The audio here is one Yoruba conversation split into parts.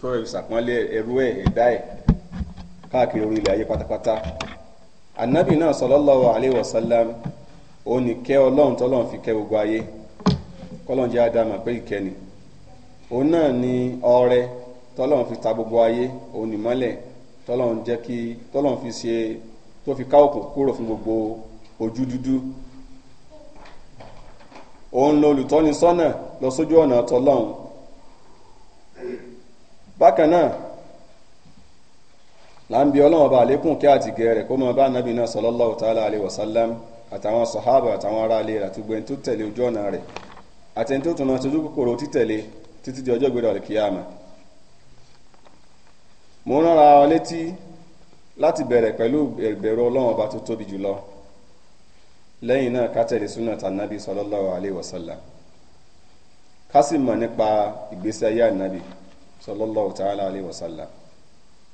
tó rẹ̀ ṣàpọ́nlé ẹrú ẹ̀ ẹ̀dá ẹ̀ káàkiri orí ilẹ̀ ayé pátápátá anabi náà sallallahu alayhi wa sallam ó kẹ́ ọlọ́run tọ́lọ́run fi kẹ́ gbogbo ayé kọ́lọ́run jẹ́ ádámà pé ìkẹ́ni òun náà ni ọrẹ tọ́lọ́run fi ta gbogbo ayé òun ní mọ́lẹ̀ tọ́lọ́run jẹ́ fi ṣe tó fi ká òkun fún gbogbo ojú dúdú òun sọ́nà lọ sójú ọ̀nà tọ́lọ́run bákan náà là ń bi ọlọ́run bá àlékún kí àtìgẹ́ rẹ̀ kó máa bá anábì náà sallallahu ta'ala alayhi wa sallam àtàwọn sàhábà àtàwọn ará ilé rẹ̀ àti gbẹ̀yìn tó tẹ̀lé ojú ọ̀nà rẹ̀ àti tó tún náà tójú kòkòrò títẹ̀lé títí di ọjọ́ ìgbéra kíyàmà. mo ń rán ara létí láti bẹ̀rẹ̀ pẹ̀lú ìbẹ̀rù ọlọ́run ọba tó tóbi jùlọ lẹ́yìn náà ká tẹ̀lé súnà tànàbí sallallahu alayhi ká sì mọ̀ nípa ìgbésí ayé ànábì sallallahu ta'ala alayhi wa sallam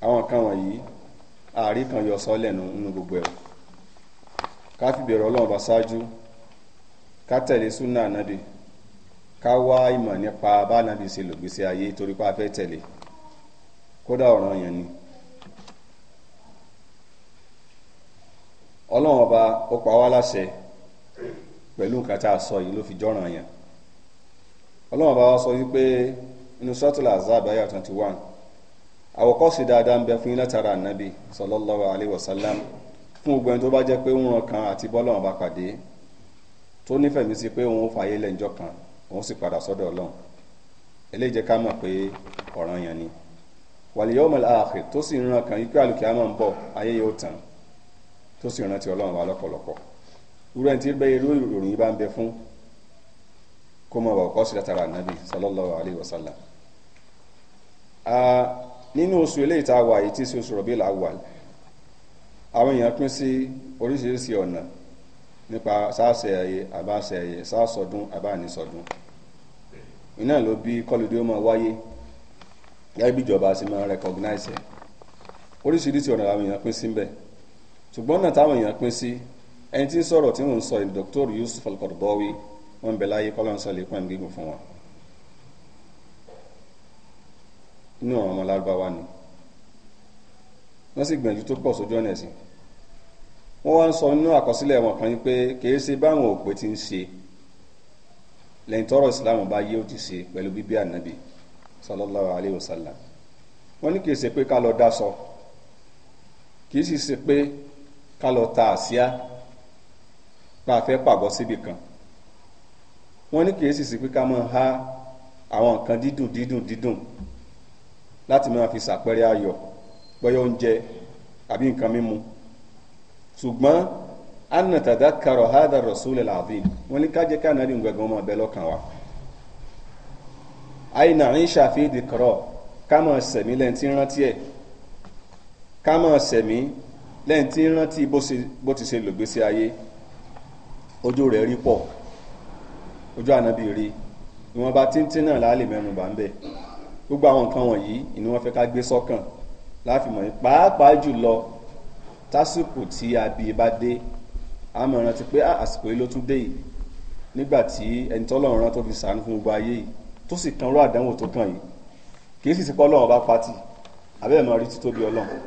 àwọn kan wọ̀nyí ààrí kan yọ sọ lẹ́nu nínú gbogbo ẹ̀ ká fi bẹ̀rẹ̀ ọlọ́run bá ṣáájú ká tẹ̀lé súnà ànábì ká wá ìmọ̀ nípa bá ànábì ṣe lògbèsè ayé torí pé fẹ́ tẹ̀lé kódà ni. ọlọ́run ọba ó pa wá láṣẹ pẹ̀lú nǹkan a sọ yìí ló fi jọ́ràn inú sọ́tùlà azab ayah twenty one àwòkọ́sí dáadáa ń bẹ fún yín látara ànábì sallallahu alayhi wa sallam fún gbogbo ẹni tó bá jẹ́ pé ń ran kan àti bọ́lọ́run bá pàdé tó nífẹ̀ẹ́ mi sí pé òun ó fààyè lẹ́njọ́ kan òun sì padà sọ́dọ̀ ọlọ́run eléyìí ká mọ̀ pé ọ̀ràn yẹn ni wàlíyọ́mọ̀lá ààfẹ́ tó sì ń ran kan yí pé àlùkìá ń bọ̀ ayé yóò tán tó sì rántí ọlọ́run wa lọ́pọ̀lọpọ̀ kó mọ̀ wà ọ̀kọ́ sí látara ànábì sallallahu alayhi wa sallam nínú oṣù eléyìí tá a wà yìí tí sí oṣù rọ̀bí là wà àwọn èèyàn pín sí oríṣiríṣi ọ̀nà nípa sáàsẹ̀ ẹ̀yẹ àbáṣẹ̀ ẹ̀yẹ sáàsọdún àbánisọdún iná ló bí kọlùdé ó máa wáyé gẹ́gẹ́ bí ìjọba sì máa recognize ẹ̀ oríṣiríṣi ọ̀nà àwọn èèyàn pín sí bẹ́ẹ̀ ṣùgbọ́n náà táwọn èèyàn pín sí ẹni tí ń sọ̀rọ̀ tí wọ́n ń sọ ìdí Yusuf Al-Qaradawi wọ́n ń bẹ láyé kọ́lọ́nsọ lè pọ́n gígùn fún wọn inú ọ̀ràn ọmọ lárúbáwá ni wọ́n sì gbìyànjú tó pọ̀ sójú ọ̀nà ẹ̀sìn wọ́n wá ń sọ nínú àkọsílẹ̀ wọn kan pé kìí ṣe báwọn òpè ti ń ṣe lẹ́yìn tọ́rọ̀ ìsìláàmù bá yé ó ti ṣe pẹ̀lú bíbí ànábì sallallahu alayhi wa sallam wọ́n ní kìí ṣe pé ká lọ dáṣọ kìí sì ṣe pé ká lọ ta àsíá bá a fẹ́ pàgọ́ síbì kan wọ́n ní kìí sì ṣe pé ká máa há àwọn nǹkan dídùn dídùn dídùn láti máa fi ṣàpẹẹrẹ ayọ̀ bọ́yọ̀ oúnjẹ àbí nǹkan mímu ṣùgbọ́n anna tadhakkara hadha ar-rasul al-azim wọ́n ní kájẹ́ ká nàá rí nǹkan gan ọmọ ọbẹ̀ lọ́kàn wa. àyìnà ń ṣàfihàn ìdíkọ̀rọ̀ ká máa sẹ̀mí lẹ́yìn tí ń rántí ẹ̀ ká máa sẹ̀mí tí ń rántí bó ti ṣe lògbèsè ayé ojú rẹ̀ rí pọ̀ ojú ànábì rí ìwọ̀nba tíntín náà láàlè mẹ́nu bá ń bẹ̀ gbogbo àwọn nǹkan wọ̀nyí ni wọ́n fẹ́ ká gbé sọ́kàn láfi mọ̀ pàápàá jùlọ tásìkò tí abi bá dé a mọ̀ rántí pé ah, àsìkò yìí ló tún dé yìí nígbà tí ẹni tọ́lọ́run rán tó fi sàánú fún gbogbo ayé yìí tó sì kan ró àdánwò tó kàn yìí kì í sì sí pọ́lọ́run bá pátì àbẹ́ẹ̀ mọ̀ rí títóbi ọlọ́run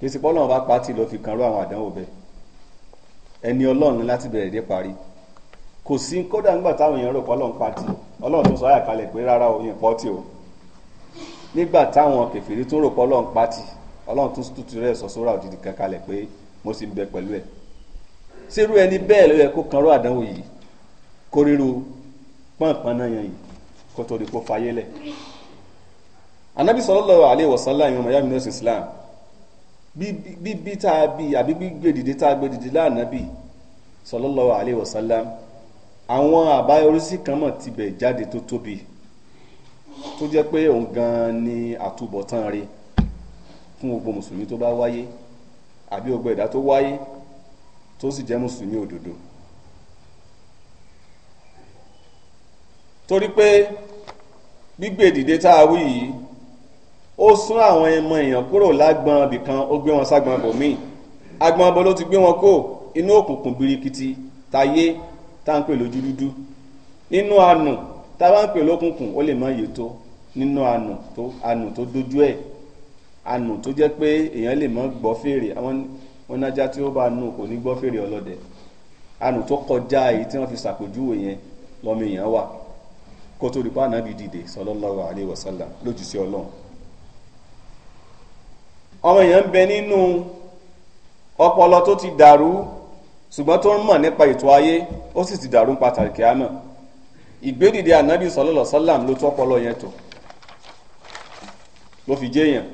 kì í sì pọ́lọ́run bá pátì ló fi kan ró àwọn àdánwò bẹ́ẹ̀ ẹni ọlọ́run láti bẹ̀rẹ̀ dé parí kò sí kódà nígbà táwọn èèyàn rò pé ọlọ́run pátì ọlọ́run tó sọ àyàkálẹ̀ pé rárá o yẹn pọ́tì o nígbà táwọn kẹfìrí tún rò pé ọlọ́run pati ọlọ́run tún tutù rẹ̀ sọ sóra òdìdí kan kalẹ̀ pé mo sì ń bẹ pẹ̀lú ẹ̀ sírú ẹni bẹ́ẹ̀ ló yẹ kó kanró àdánwò yìí kó ríru pọ́npọ́n náà yẹn yìí kó tó di kó fayé lẹ̀ anabi sallallahu alaihi wasallam yìí ọmọ yàrá nínú islam bí bí tá a bí àbí gbígbé dìde tá a gbé dìde lánàbì sallallahu alaihi wasallam àwọn àbáyọrísí kan mọ̀ tibẹ̀ jáde tó tóbi tó jẹ́ pé òun gan ni àtúbọ̀tán rẹ̀ fún gbogbo mùsùlùmí tó bá wáyé àbí gbogbo ẹ̀dá tó wáyé tó sì jẹ́ mùsùlùmí òdodo torí pé gbígbé dìde tá a wí yìí ó sún àwọn ẹmọ èèyàn kúrò lágbọn ibìkan ó gbé wọn ságbọn bòmíì agbọn abo ló ti gbé wọn kó inú òkùnkùn birikiti tayé tá à ń pè lójú dúdú nínú àánú táwa ń pè lókùnkùn ó lè má yé tó nínú àánú tó àánú tó dojú ẹ̀ àánú tó jẹ́ pé èèyàn lè má gbọ́ fèrè àwọn onájá tí ó bá nù kò ní gbọ́ fèrè ọlọ́dẹ àánú tó kọjá èyí tí wọ́n fi ṣàpèjúwe yẹn lọ́mọ èèyàn wà kó tó di pa ànábì dìde sallallahu alaihi wasallam lójú sí ọlọ́run ọmọ èèyàn ń bẹ nínú ọpọlọ tó ti dàrú ṣùgbọ́n tó ń mọ̀ nípa ètò ayé ó sì ti dàrú pàtàkì àmọ́ ìgbédìde ànábì sọlọlọ sọlám ló tún ọpọlọ yẹn tó ló fi jẹyàn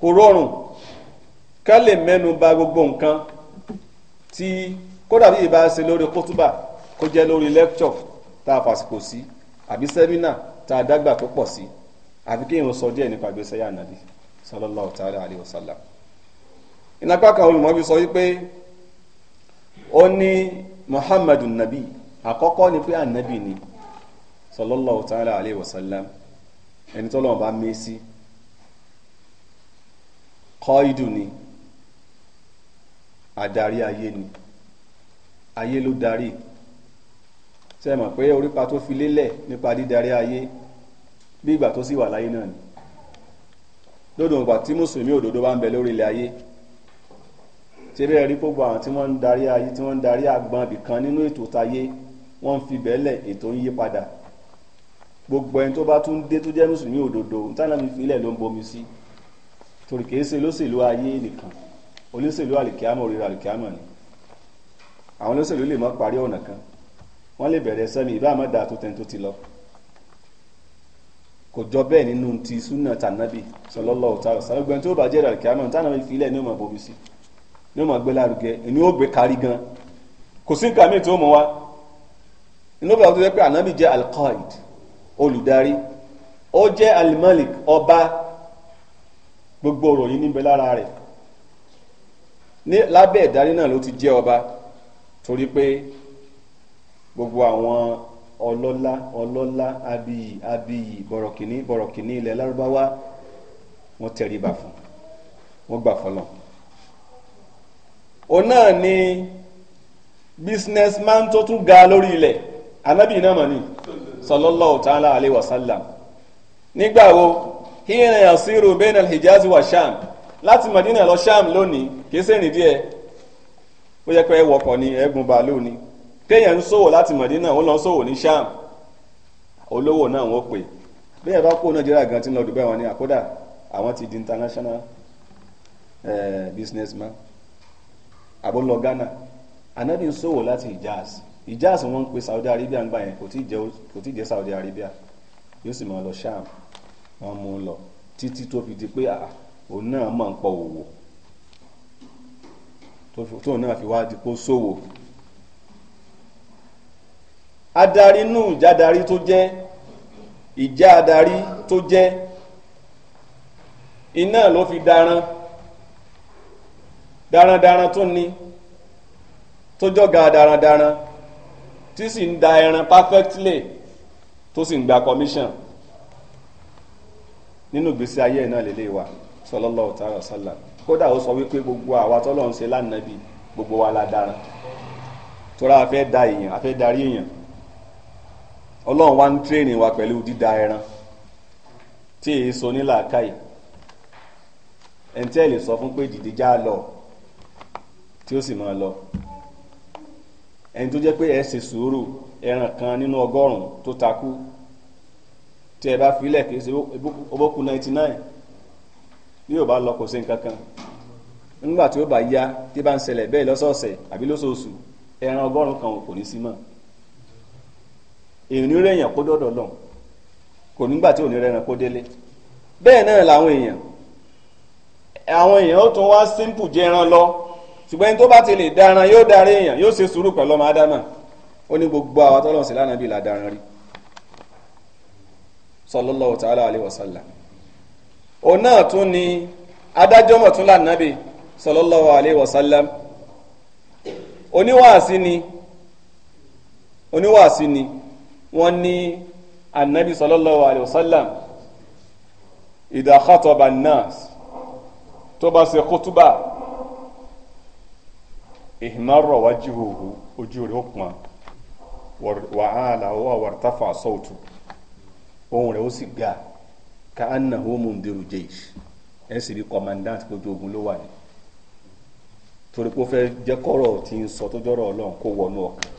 kò rọrùn ká lè mẹ́nu bà gbogbo nǹkan tí kódà bí ìbá ṣe lórí kótúbà kó jẹ́ lórí lẹ́kṣọ̀ tá a fàsìkò sí àbí sẹ́mínà tá a dágbà tó pọ̀ sí àbí kéèyàn sọ díẹ̀ nípa ìgbésẹ̀ yà nàbí sallallahu ta'ala alayhi wa sallam ìnápá kan olùmọ̀ fi sọ wípé ó ní muhammadu nabi àkọ́kọ́ ni pé ànábì ni sallallahu ta'ala alayhi wa sallam ẹni tó lọ́wọ́ bá mé sí kọ́ìdù ni adarí ayé ni ayé ló darí ṣe mọ̀ pé orípa tó fi lélẹ̀ nípa dídarí ayé bí ìgbà tó sì wà láyé náà ni lódò ìgbà tí mùsùlùmí òdodo bá ń bẹ lórí ilẹ̀ ayé ṣe bẹ́ẹ̀ rí gbogbo àwọn tí wọ́n ń darí ayé tí wọ́n ń darí àgbọn ibìkan nínú ètò tayé wọ́n ń fi bẹ́ẹ̀lẹ̀ ètò ń yí padà gbogbo ẹni tó bá tún dé tó jẹ́ mùsùlùmí òdodo ntànà mi filẹ̀ ló ń bomi sí torí kìí ṣe olóṣèlú ayé nìkan olóṣèlú àlìkíámọ̀ òrìrà àlìkíámọ̀ ni àwọn olóṣèlú lè má parí ọ̀nà kan wọ́n lè bẹ̀rẹ̀ sẹ́mi ìbá àmọ́dá tó tẹ́ni tó ti lọ kò jọ bẹ́ẹ̀ nínú ti súnà tànàbì sọlọ́lọ́ òtárọ̀ sàlọ́gbẹ́ni tó bàjẹ́ àlìkíámọ̀ ntànà mi filẹ̀ ní ọmọ bomi sí ni ó máa gbé lárugẹ ni ó gbé kárí gan kò sí nǹkan míì tí ó mọ wá inú bàbá tó jẹ́ pé ànábì jẹ́ alqaid olùdarí ó jẹ́ alimalik ọba gbogbo ìròyìn níbẹ̀ lára rẹ̀ ní lábẹ́ ìdarí náà ló ti jẹ́ ọba torí pé gbogbo àwọn ọlọ́lá ọlọ́lá abiyì abiyì bọ̀rọ̀kìnní bọ̀rọ̀kìnní ilẹ̀ lárúbáwá wọ́n tẹríba fún wọ́n gbà fọlọ́n. o náà ni businessman tó tún ga lórí ilẹ̀ anabi náà mọ̀ ni sallallahu ta'ala alayhi wa sallam nígbà wo híyẹn yasiru bain al wa sham láti madina lọ sham lónìí kì í sẹ́ni díẹ̀ ó yẹ pé ẹwọ̀kọ̀ ni ẹ̀gùn bàálù ni kéèyàn ń ṣòwò láti madina ó lọ ṣòwò ní sham olówó náà wọ́n pè bẹ́ẹ̀ bá kó nàìjíríà gan ti lọ dùbẹ́ wọn ni àkódà àwọn ti di international eh, businessman àbó lọ Ghana anabi ń ṣòwò láti Hijaz Hijaz wọn ń pe Saudi Arabia ń gbà yẹn kò tí jẹ́ Saudi Arabia yóò sì máa lọ Sham wọn mú un lọ títí tó fi di pé òun náà máa ń pọ òwò tóun náà fi wá di kó ṣòwò adarí nù ìjádari tó jẹ́ ìjà adarí tó jẹ́ iná ló fi daran. darandaran tó ní tó jọ̀gá darandaran tí sì ń da ẹran perfectly tó sì ń gba commission nínú gbèsè ayé ẹ̀ náà lélẹ̀ wa sallallahu ta'ala sallam kódà ó sọ wípé gbogbo àwa tọ́lọ̀ ń ṣe lánàbì gbogbo wa la dára tóra a fẹ́ da èèyàn a fẹ́ darí èèyàn ọlọ́run wa ń tírèèni wa pẹ̀lú dídá ẹran tí èyí so nílàákàyè ẹ̀ńtẹ́ lè sọ fún pé dìde já lọ tí ó sì máa lọ ẹni tó jẹ́ pé ẹ ṣe sùúrù ẹran kan nínú ọgọ́rùn-ún tó takú tí ẹ bá filẹ̀ kì í ṣe obókú ninety bá lọ kò sí nǹkan nígbà tí ó bá yá tí bá ń ṣẹlẹ̀ ẹran ọgọ́rùn-ún kan kò ní sí mọ́ lọ kò nígbà tí kó délé làwọn èèyàn àwọn èèyàn ó tún wá simple jẹ́ ẹran lọ ṣùgbọ́n ẹni tó bá ti lè daran yóò darí èèyàn yóò ṣe sùúrù pẹ̀lú ọmọ ádámà ó ní gbogbo àwọn tọ́lọ́run sí lánàá bíi làdaran rí sallallahu ta'ala alaihi wasallam òun náà tún ni adájọ́ mọ̀ tún lánàá bíi sallallahu alaihi wasallam oníwàásí ni oníwàásí ni wọ́n ní anabi sallallahu alaihi wasallam idha khataba tó bá ṣe kútúbà. ihmarra wajhuhu ojú ojii ó pọ́n wàhálà wà wàrtafa sawtu ohùn rẹ̀ ó sì ga ka annahu torí pé ó fẹ́ jẹ́ kọ́rọ̀ tí ń sọ tó jọ́rọ̀ ọlọ́run kó wọnú ọkàn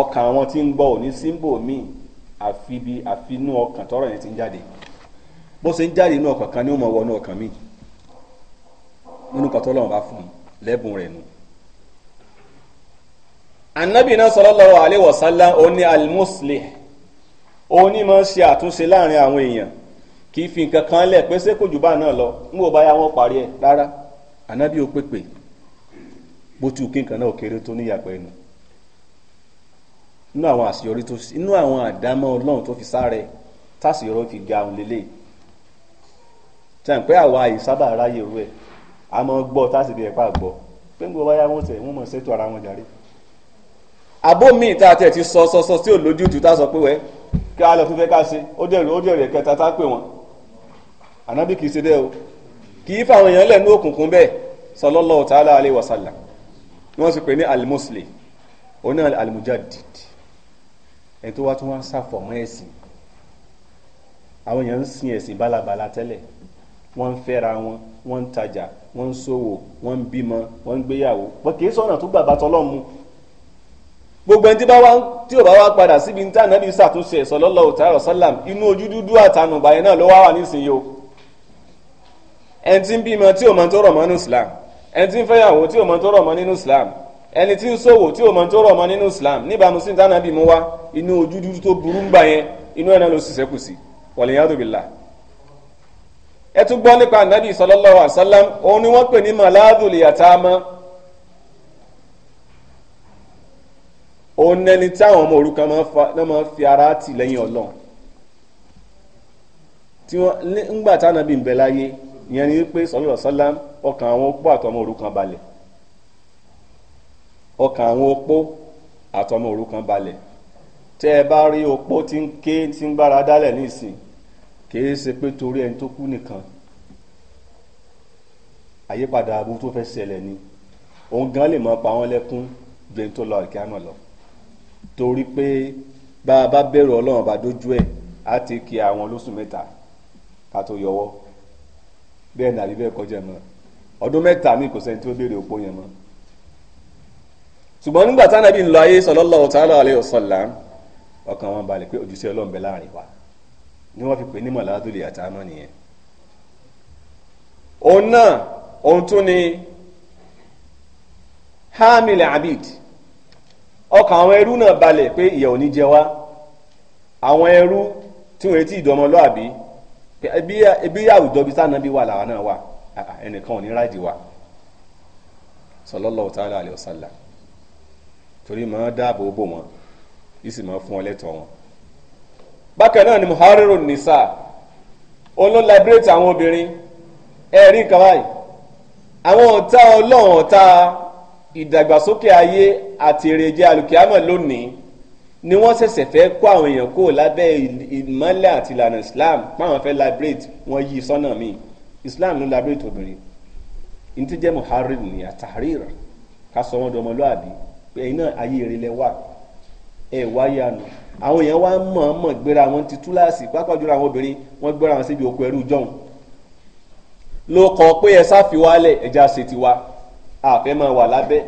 ọkàn àwọn tí ń gbọ́ òní símbò míì àfi bí àfinú ọkàn tọ́rọ̀ yẹn ti ń jáde bó ṣe ń jáde inú ọkàn kan ni ó mọ̀ lẹ́bùn rẹ̀ nù. anabi náà sallallahu alaihi wasallam ó ní almuslih ó ní máa ṣe àtúnṣe láàrin àwọn èèyàn fi nǹkan kan lẹ̀ pé ṣé kò jù bá náà lọ ń bò báyà wọ́n parí ẹ̀ rárá anabi ó pèpè bó tu kí nǹkan náà kéré tó níyàgbẹ́ nù inú àwọn àṣeyọrí tó inú àwọn àdámọ́ ọlọ́run tó fi sáré táṣeyọrí fi ga òun lélẹ̀ tí a ń àmọ́ gbọ́ táàsì bí ẹ̀pá gbọ́ pé ń gbọ́ wáyà wọn tẹ̀ wọ́n mọ̀ ṣètò ara wọn jàre. àbó mi ìta àti ẹ̀ ti sọ sọ sọ tí ò lójú tu tá a sọ pé wẹ́ kí a lọ fún fẹ́ ká ṣe ó dẹ̀rẹ̀ ó dẹ̀rẹ̀ kẹta tá a pè wọ́n ànábì kì í ṣe bẹ́ẹ̀ o kì í fàwọn èèyàn lẹ́nu òkùnkùn bẹ́ẹ̀ sallallahu ta'ala alaihi wasallam wọ́n sì pè ní alimusli oní alimujaddid ẹni tó wá tún wá ń ṣàfọ̀mọ́ ẹ̀sìn àwọn èèyàn ń sin ẹ̀sìn bálabàla tẹ́lẹ̀ wọ́n ń fẹ́ra wọn wọ́n ń tajà wọ́n ń ṣòwò wọ́n ń bímọ wọ́n ń gbéyàwó pọ̀ kì í sọ̀nà tó gbàgbà tọ́lọ́ mu gbogbo ẹni tí bá wá tí ò bá wá padà síbi níta nàbí ṣàtúnṣe sallallahu ta'ala sallam inú ojú dúdú àtànùgbà yẹn náà ló wá wà nísìnyí o ẹni tí ń bímọ tí ò mọ tó rọ̀ mọ́ nínú Islam ẹni tí ń fẹ́yàwó tí ò mọ tó rọ̀ mọ́ nínú Islam ẹni tí ń ṣòwò tí ò mọ tó rọ̀ mọ́ nínú Islam níbàámu sí níta nàbí mu wá inú ojú dúdú tó burú ń gbà yẹn inú ẹ̀ náà ló sì sẹ́kù sí wàlíyàdùbìlà ẹ tún gbọ́ nípa anabi sallallahu alaihi òun ni wọ́n pè ní maladul yatama òun ẹni tí ọmọ fi ara tì lẹ́yìn ọlọ́run tí wọ́n ńgbà tí anabi ń bẹ láyé ìyẹn ni pé sallallahu alaihi ọkàn àwọn opó àtọmọ balẹ̀ ọkàn àwọn opó àtọmọ balẹ̀ kìí ṣe pé torí ẹni tó kú nìkan àyípadà aburú tó fẹ́ ṣẹlẹ̀ ni òun gan lè máa pa wọ́n lẹ́kún ju ẹni tó lọ àlùkìyámà lọ torí pé bá a bá bẹ̀rù ọlọ́run bá dójú ẹ̀ á ti kí àwọn lóṣù mẹ́ta ká tó yọwọ́ bẹ́ẹ̀ nàbí bẹ́ẹ̀ kọjá mọ́ ọdún mẹ́ta mi kò sẹ́ni tó béèrè òpó yẹn mọ́ ṣùgbọ́n nígbà tí Ànábì ń lọ ayé sallallahu ta'ala alayhi wa sallam ọkàn wọn balẹ̀ pé òjúṣe ọlọ́run bẹ láàrin wa ni wọ́n fi pè ní mọ̀ládùlì àtàmọ́ nìyẹn òun náà òun tún ni hamil abid ọkàn àwọn ẹrú náà balẹ̀ pé ìyà ò ní jẹ wá àwọn ẹrú tí wọ́n ti ìdọ́mọlọ́àbí ebi àwùjọ bíi sáà nàbí wà làwọn náà wà ẹnìkan ò ní ráàdì wà sallallahu ta'ala alayhi wa sallam torí máa dáàbò bò wọn yìí sì máa fún ọ lẹ́tọ̀ọ́ wọn bákan náà ni muhariru nisa olólàbírètì àwọn obìnrin ẹ̀rí nǹkan báyìí àwọn ọ̀tá ọlọ́run ọ̀tá ìdàgbàsókè ayé àti èrèjẹ alùkìámọ̀ lónìí ni wọ́n ṣẹ̀ṣẹ̀ fẹ́ kó àwọn èèyàn kó lábẹ́ ìmọ́lẹ̀ àti ìlànà islam páwọn fẹ́ liberate wọn yí sọ́nà mi islam ló liberate obìnrin ní ti jẹ́ muhariru ni àtàríra ká sọ wọn dọmọlúàbí pé ẹ̀yin náà ayé eré lẹ ẹ̀ wáyà nù àwọn èèyàn wá mọ̀ ọ́n mọ̀ gbéra wọn ti túláàsì pápá jùlọ àwọn obìnrin wọ́n gbéra wọn síbi òkú ẹrú jọ̀hún ló kọ pé ẹ sáfiwálẹ̀ ẹja ṣe tiwa àfẹ́ máa wà lábẹ́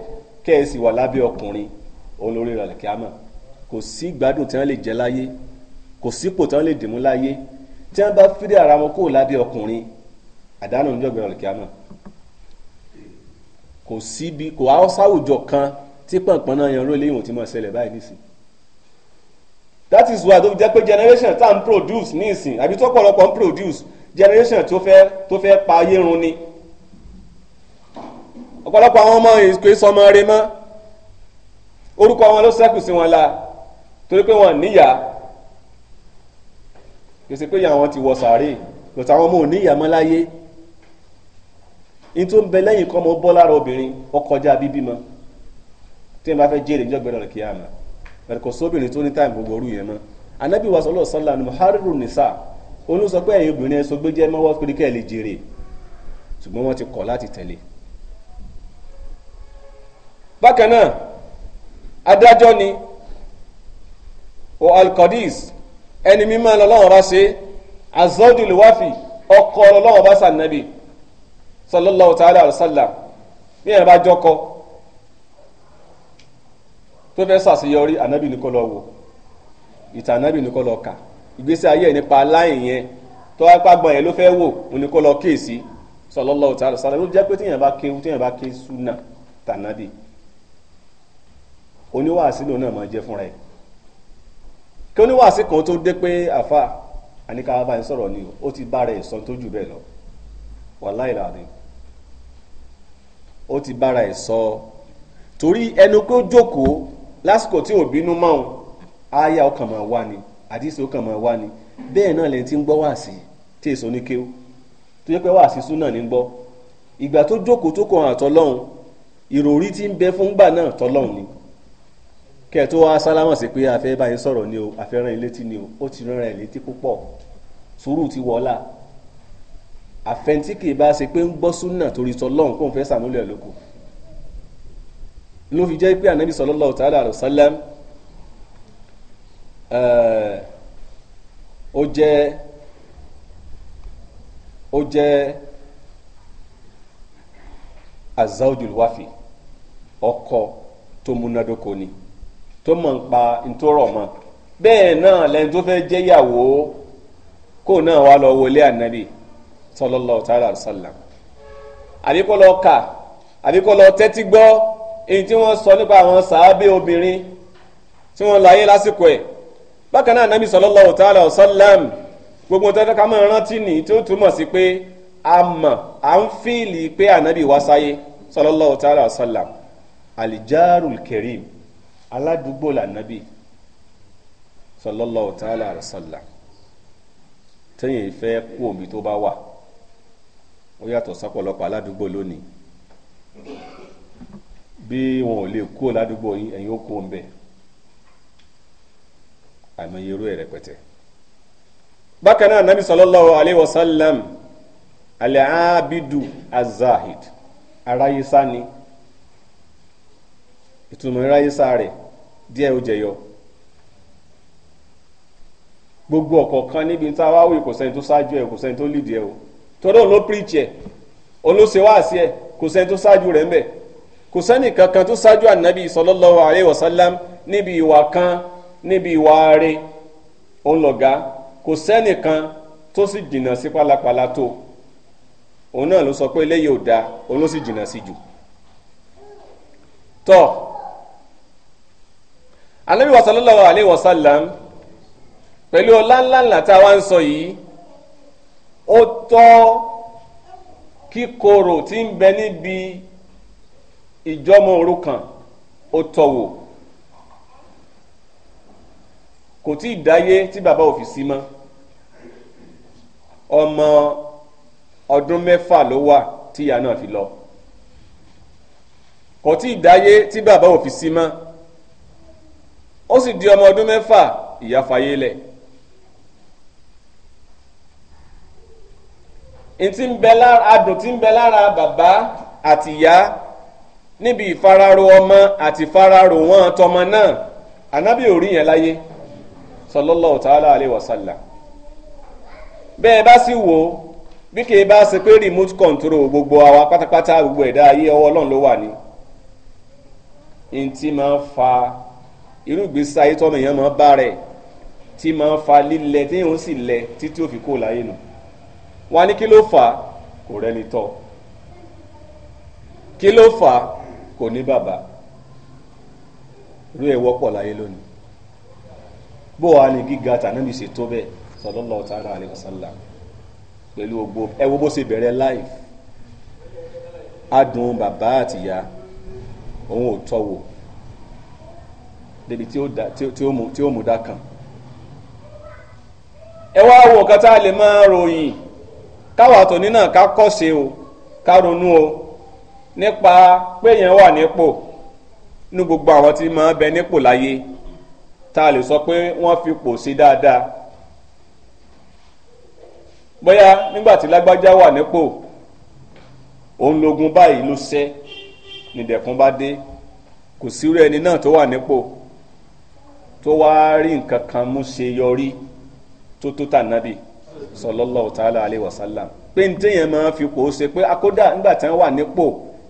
kẹ́ ẹ sì wà lábẹ́ ọkùnrin olórí ìrọ̀lẹ́ kíámà kò sí ìgbádùn tí wọ́n lè jẹ láyé kò sípò tí wọ́n lè dìmú láyé tí wọ́n bá fídí ara wọn kó lábẹ́ ọkùnrin àdánù níjọba ìrọ̀lẹ́ kíámà kò síbi kò áwọ́ kan tí pọ̀npọ̀n náà yan ró léyìn ṣẹlẹ̀ báyìí nísìnyí that is why tó fi jẹ́ pé generation tá à ń produce ní ìsìn àbí tó pọ̀lọpọ̀ ń produce generation tó fẹ́ tó fẹ́ pa ayé run ni ọ̀pọ̀lọpọ̀ àwọn ọmọ ìsìnkú sọmọ rẹ mọ́ orúkọ wọn ló ṣẹ́kù sí wọn la torí pé wọn níyà gbèsè pé àwọn ti wọ sàárè lọ́tà àwọn ọmọ ò níyà mọ́ láyé ní tó ń bẹ lẹ́yìn kọ́ mọ́ bọ́ lára obìnrin ọkọjá bíbí mọ́ tí wọ́n bá fẹ́ jèrè níjọ́gbẹ́rẹ́ rẹ̀ kíá mọ́ bẹ̀rẹ̀ kò sóbìnrin tó ní táì gbogbo orú yẹn mọ́ anabi wa sọlọ sọlá ni muhariru nisa olú sọ pé ẹ̀yin obìnrin ẹ̀ sọgbẹ́ jẹ́ mọ́wọ́ pé kẹ́ ẹ̀ lè jèrè ṣùgbọ́n wọ́n ti kọ̀ láti tẹ̀lé bákan náà adájọ́ ni o alqadis ẹni mímọ́ lọ́wọ́ bá ṣe azọ́dún lùwáfì ọkọ lọ́wọ́ bá sànàbì sallallahu ta'ala alaihi wasallam bí ẹ̀ bá jọkọ tó fẹ́ sàṣeyọrí ànábì ní kó lọ wò ìtàn ànábì ní kó lọ kà ìgbésí ayé ẹ̀ nípa láì yẹn tó wá pàgbọ́n yẹn ló fẹ́ wò ó ní kó lọ kéèsì sallallahu ta'ala sallam ló jẹ́ pé tíyẹn bá kéwu tíyẹn bá ké súnà tànábì oníwàásí lòun náà máa jẹ́ fúnra ẹ̀ kí oníwàásí kan tó dé pé àfa àníkàwá báyìí sọ̀rọ̀ ni ó ti bá rẹ̀ sọ tó jù bẹ́ẹ̀ lọ wàláì làdín ó ti bára ẹ̀ sọ torí ẹnu kó jókòó lásìkò tí ò bínú mọ́ òun àyà ọkàn máa wá ni àdìsí ọkàn máa wá ni bẹ́ẹ̀ náà lẹ́yìn tí ń gbọ́ wàásì tí èso ní kéwú tó yẹ pé wàásì súnà ní gbọ́ ìgbà tó jókòó tó kọ àtọlọ́hún ìròrí tí ń bẹ fún gbà náà tọlọ́hún ni kẹ tó wá sálámọ̀ sí pé afẹ́ báyìí sọ̀rọ̀ ni o afẹ́ rán ilé tí ni o ó ti rán ẹ̀ létí púpọ̀ sùúrù ti wọlá àfẹ́ntí kì í bá ṣe pé ń gbọ́ súnà torí tọlọ́hún kó ń fẹ́ sàmúlẹ̀ lóko ló fi jẹ́ pé anabi sallallahu ta'ala alayhi wa sallam eh, ó jẹ́ ó jẹ́ azawjul wafi ọkọ tó múnádóko ni tó mọ̀ ń pa ntòrọ̀ mọ́ bẹ́ẹ̀ náà lẹ́ni tó fẹ́ jẹ́ ìyàwó kó náà wá lọ wọlé ànábì sallallahu ta'ala alayhi wa sallam àbíkọ́ lọ kà àbíkọ́ lọ tẹ́tí gbọ́ èyí tí wọ́n sọ nípa àwọn sàábé obìnrin tí wọ́n láyé lásìkò ẹ̀ bákan náà nàbí sallallahu ta'ala wa sallam gbogbo tẹ́tẹ́ ká máa rántí nì tí ó túmọ̀ sí pé a mọ̀ à ń fíìlì pé ànábì wá sáyé sallallahu ta'ala wa sallam alijarul karim aládùúgbò lànàbì sallallahu ta'ala wa sallam tẹ́yìn ìfẹ́ kú omi tó bá wà ó yàtọ̀ sọ́pọ̀lọpọ̀ aládùúgbò lónìí bí wọn ò lè kúrò ládùúgbò yín ẹ̀yin ó kúrò ń bẹ̀ àìmọye irú ẹ̀ rẹpẹtẹ. bákan náà nabi sallallahu alayhi wa sallam al-abidu az-zahid aráyísá ni ìtumọ̀ aráyísá rẹ̀ díẹ̀ ó jẹyọ gbogbo ọ̀kọ̀ọ̀kan níbi tá a wá wí kò sẹ́ni tó ṣáájú ẹ̀ kò sẹ́ni tó lìdí ẹ̀ o torí òun ló píríkì ẹ̀ òun ló ṣe wáàsí ẹ̀ kò sẹ́ni tó ṣáájú rẹ̀ ń bẹ̀ kò sẹ́ni kankan tó ṣáájú ànábì sallallahu alayhi wa sallam níbi ìwà kan níbi ìwà rẹ̀ òun lọ̀gá kò sẹ́ni kan tó sì jìnnà sí pálapàla tó òun náà ló sọ pé eléyìí ò dáa òun ló sì jìnnà sí jù tọ́ ànábì wa sallallahu pẹ̀lú ọláńláńlá tá a wá ń sọ yìí ó tọ́ kíkorò tí ń bẹ níbi ìjọmọ òrukàn ó tọ̀wò kò tí ì dáyé tí bàbá ò fi sí mọ́ ọmọ ọdún mẹ́fà ló wà tí ìyá náà fi lọ kò tí ì dáyé tí bàbá ò fi sí mọ́ ó sì di ọmọ ọdún mẹ́fà ìyá fayé lẹ̀. ntí ń bẹ lára adùn tí ń bẹ lára bàbá àtìyá níbi ìfararo ọmọ àti ìfararo wọn tọmọ náà ànábì ò rí yẹn láyé sallallahu ta'ala alayhi wa sallam bẹ́ẹ̀ bá sì wò bí kì í bá ṣe pé remote control gbogbo àwa pátápátá gbogbo ẹ̀dá ayé ọwọ́ ọlọ́run ló wà ní. ntí máa ń fa irú ìgbésí ayé tọ́mọ èèyàn máa bá rẹ̀ tí máa ń fa lílẹ tí yóò sì lẹ títí ó fi láyé nù. wọ́n ní kí ló fà á kò rẹ́ni tọ́ kí ló fà á kò ní bàbá irú ẹ̀ wọ́pọ̀ láyé lónìí bó wàá ní gíga tànábì ṣe tó bẹ́ẹ̀ sallallahu ta'ala alaihi wasallam pẹ̀lú gbogbo ẹ bó ṣe bẹ̀rẹ̀ láìf adùn bàbá àtìyá òun ò tọ́wò débi tí ó mú dá kan ẹ wá wo kátà lè máa ròyìn káwà tòní náà ká kọ́ ṣe o ká ronú o. nípa péyàn wà nípò ní gbogbo àwọn tí máa bẹ nípò láyé tá a lè sọ pé wọ́n fi pò sí dáadáa bóyá nígbà tí lágbájá wà nípò òun lógun báyìí ló ṣẹ́ nìdẹ̀kùn bá dé kò sírú ẹni náà tó wà nípò tó wáá rí nǹkan kan mú ṣe yọrí tó tó tà nábì sallallahu ta'ala alaihi wasallam pé ní téèyàn máa fi kò ó ṣe pé akódà nígbà tí wọ́n wà nípò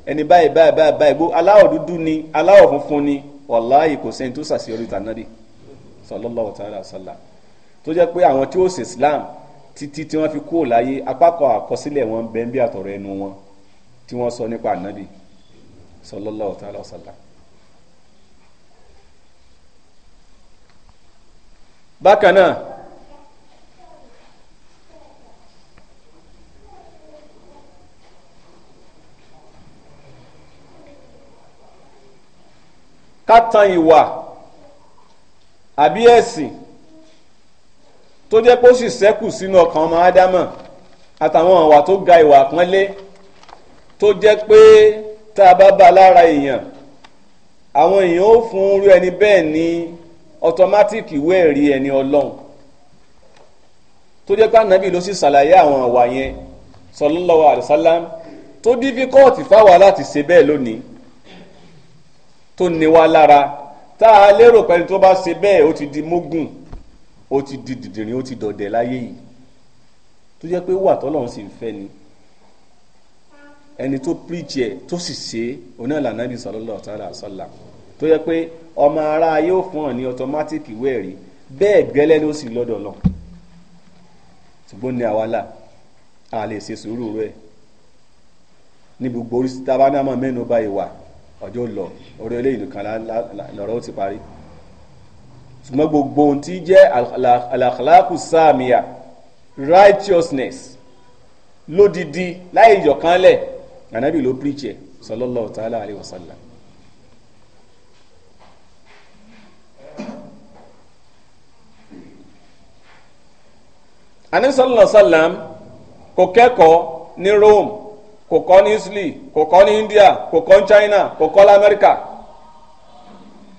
ẹni báyìí báyìí báyìí báyìí gbó aláwọ̀ dúdú ni aláwọ̀ funfun ni wàláyé kò sẹ́ni tó sàṣeyọrí tànàbí sallallahu ta'ala sallam tó jẹ́ pé àwọn tí ó ṣe islam títí tí wọ́n fi kúrò láyé apákọ̀ àkọsílẹ̀ wọn bẹ́ẹ̀ bí àtọ̀rọ̀ ẹnu wọn tí wọ́n sọ nípa ànábì sallallahu ta'ala sallam. bákan náà ká tan ìwà àbí ẹ̀sìn tó jẹ́ pé ó sì ṣẹ́kù sínú ọkàn ọmọ ádámà àtàwọn ìwà tó ga ìwà pọ́nlé tó jẹ́ pé tá a bá bá lára èèyàn àwọn èèyàn ó fún irú ẹni bẹ́ẹ̀ ní automatic ìwé ẹ̀rí ẹni ọlọ́run tó jẹ́ pé ànábì ló sì ṣàlàyé àwọn ìwà yẹn sallallahu alaihi wasallam tó dífíkọ́ọ̀tì fáwa láti ṣe bẹ́ẹ̀ lónìí tó ní wá lára tá a lérò pẹ̀lú tó bá ṣe bẹ́ẹ̀ ó ti di mógùn ó ti di dìdìrín ó ti dọ̀dẹ̀ láyé yìí tó jẹ́ pé wà tọ́lọ́run sì ń fẹ́ ni ẹni tó píríjì ẹ̀ tó sì ṣe é oní àlànàbì sallallahu ta'ala sallam tó yẹ pé ọmọ ara yóò fún ọ ní ọtọmátìkì ìwé bẹ́ẹ̀ gẹ́lẹ́ ló sì lọ́dọ̀ lọ ṣùgbọ́n ní àwàlà a lè ṣe sùúrù rẹ̀ ní gbogbo orí sítábánámà mẹ́nu bá ìwà ọjọ́ lọ ọ̀rọ̀ eléyìí nìkan lọ́rọ̀ ó ti parí ṣùgbọ́n gbogbo ohun tí jẹ́ alakhlaku samiya righteousness lódìdí láì yọ̀kánlẹ̀ ànábì ló píríkì ẹ̀ sallallahu ta'ala alayhi kò kẹ́kọ̀ọ́ ní Rome kò kọ́ ní Italy kò kọ́ ní India kò kọ́ ní China kò kọ́ lamẹ́ríkà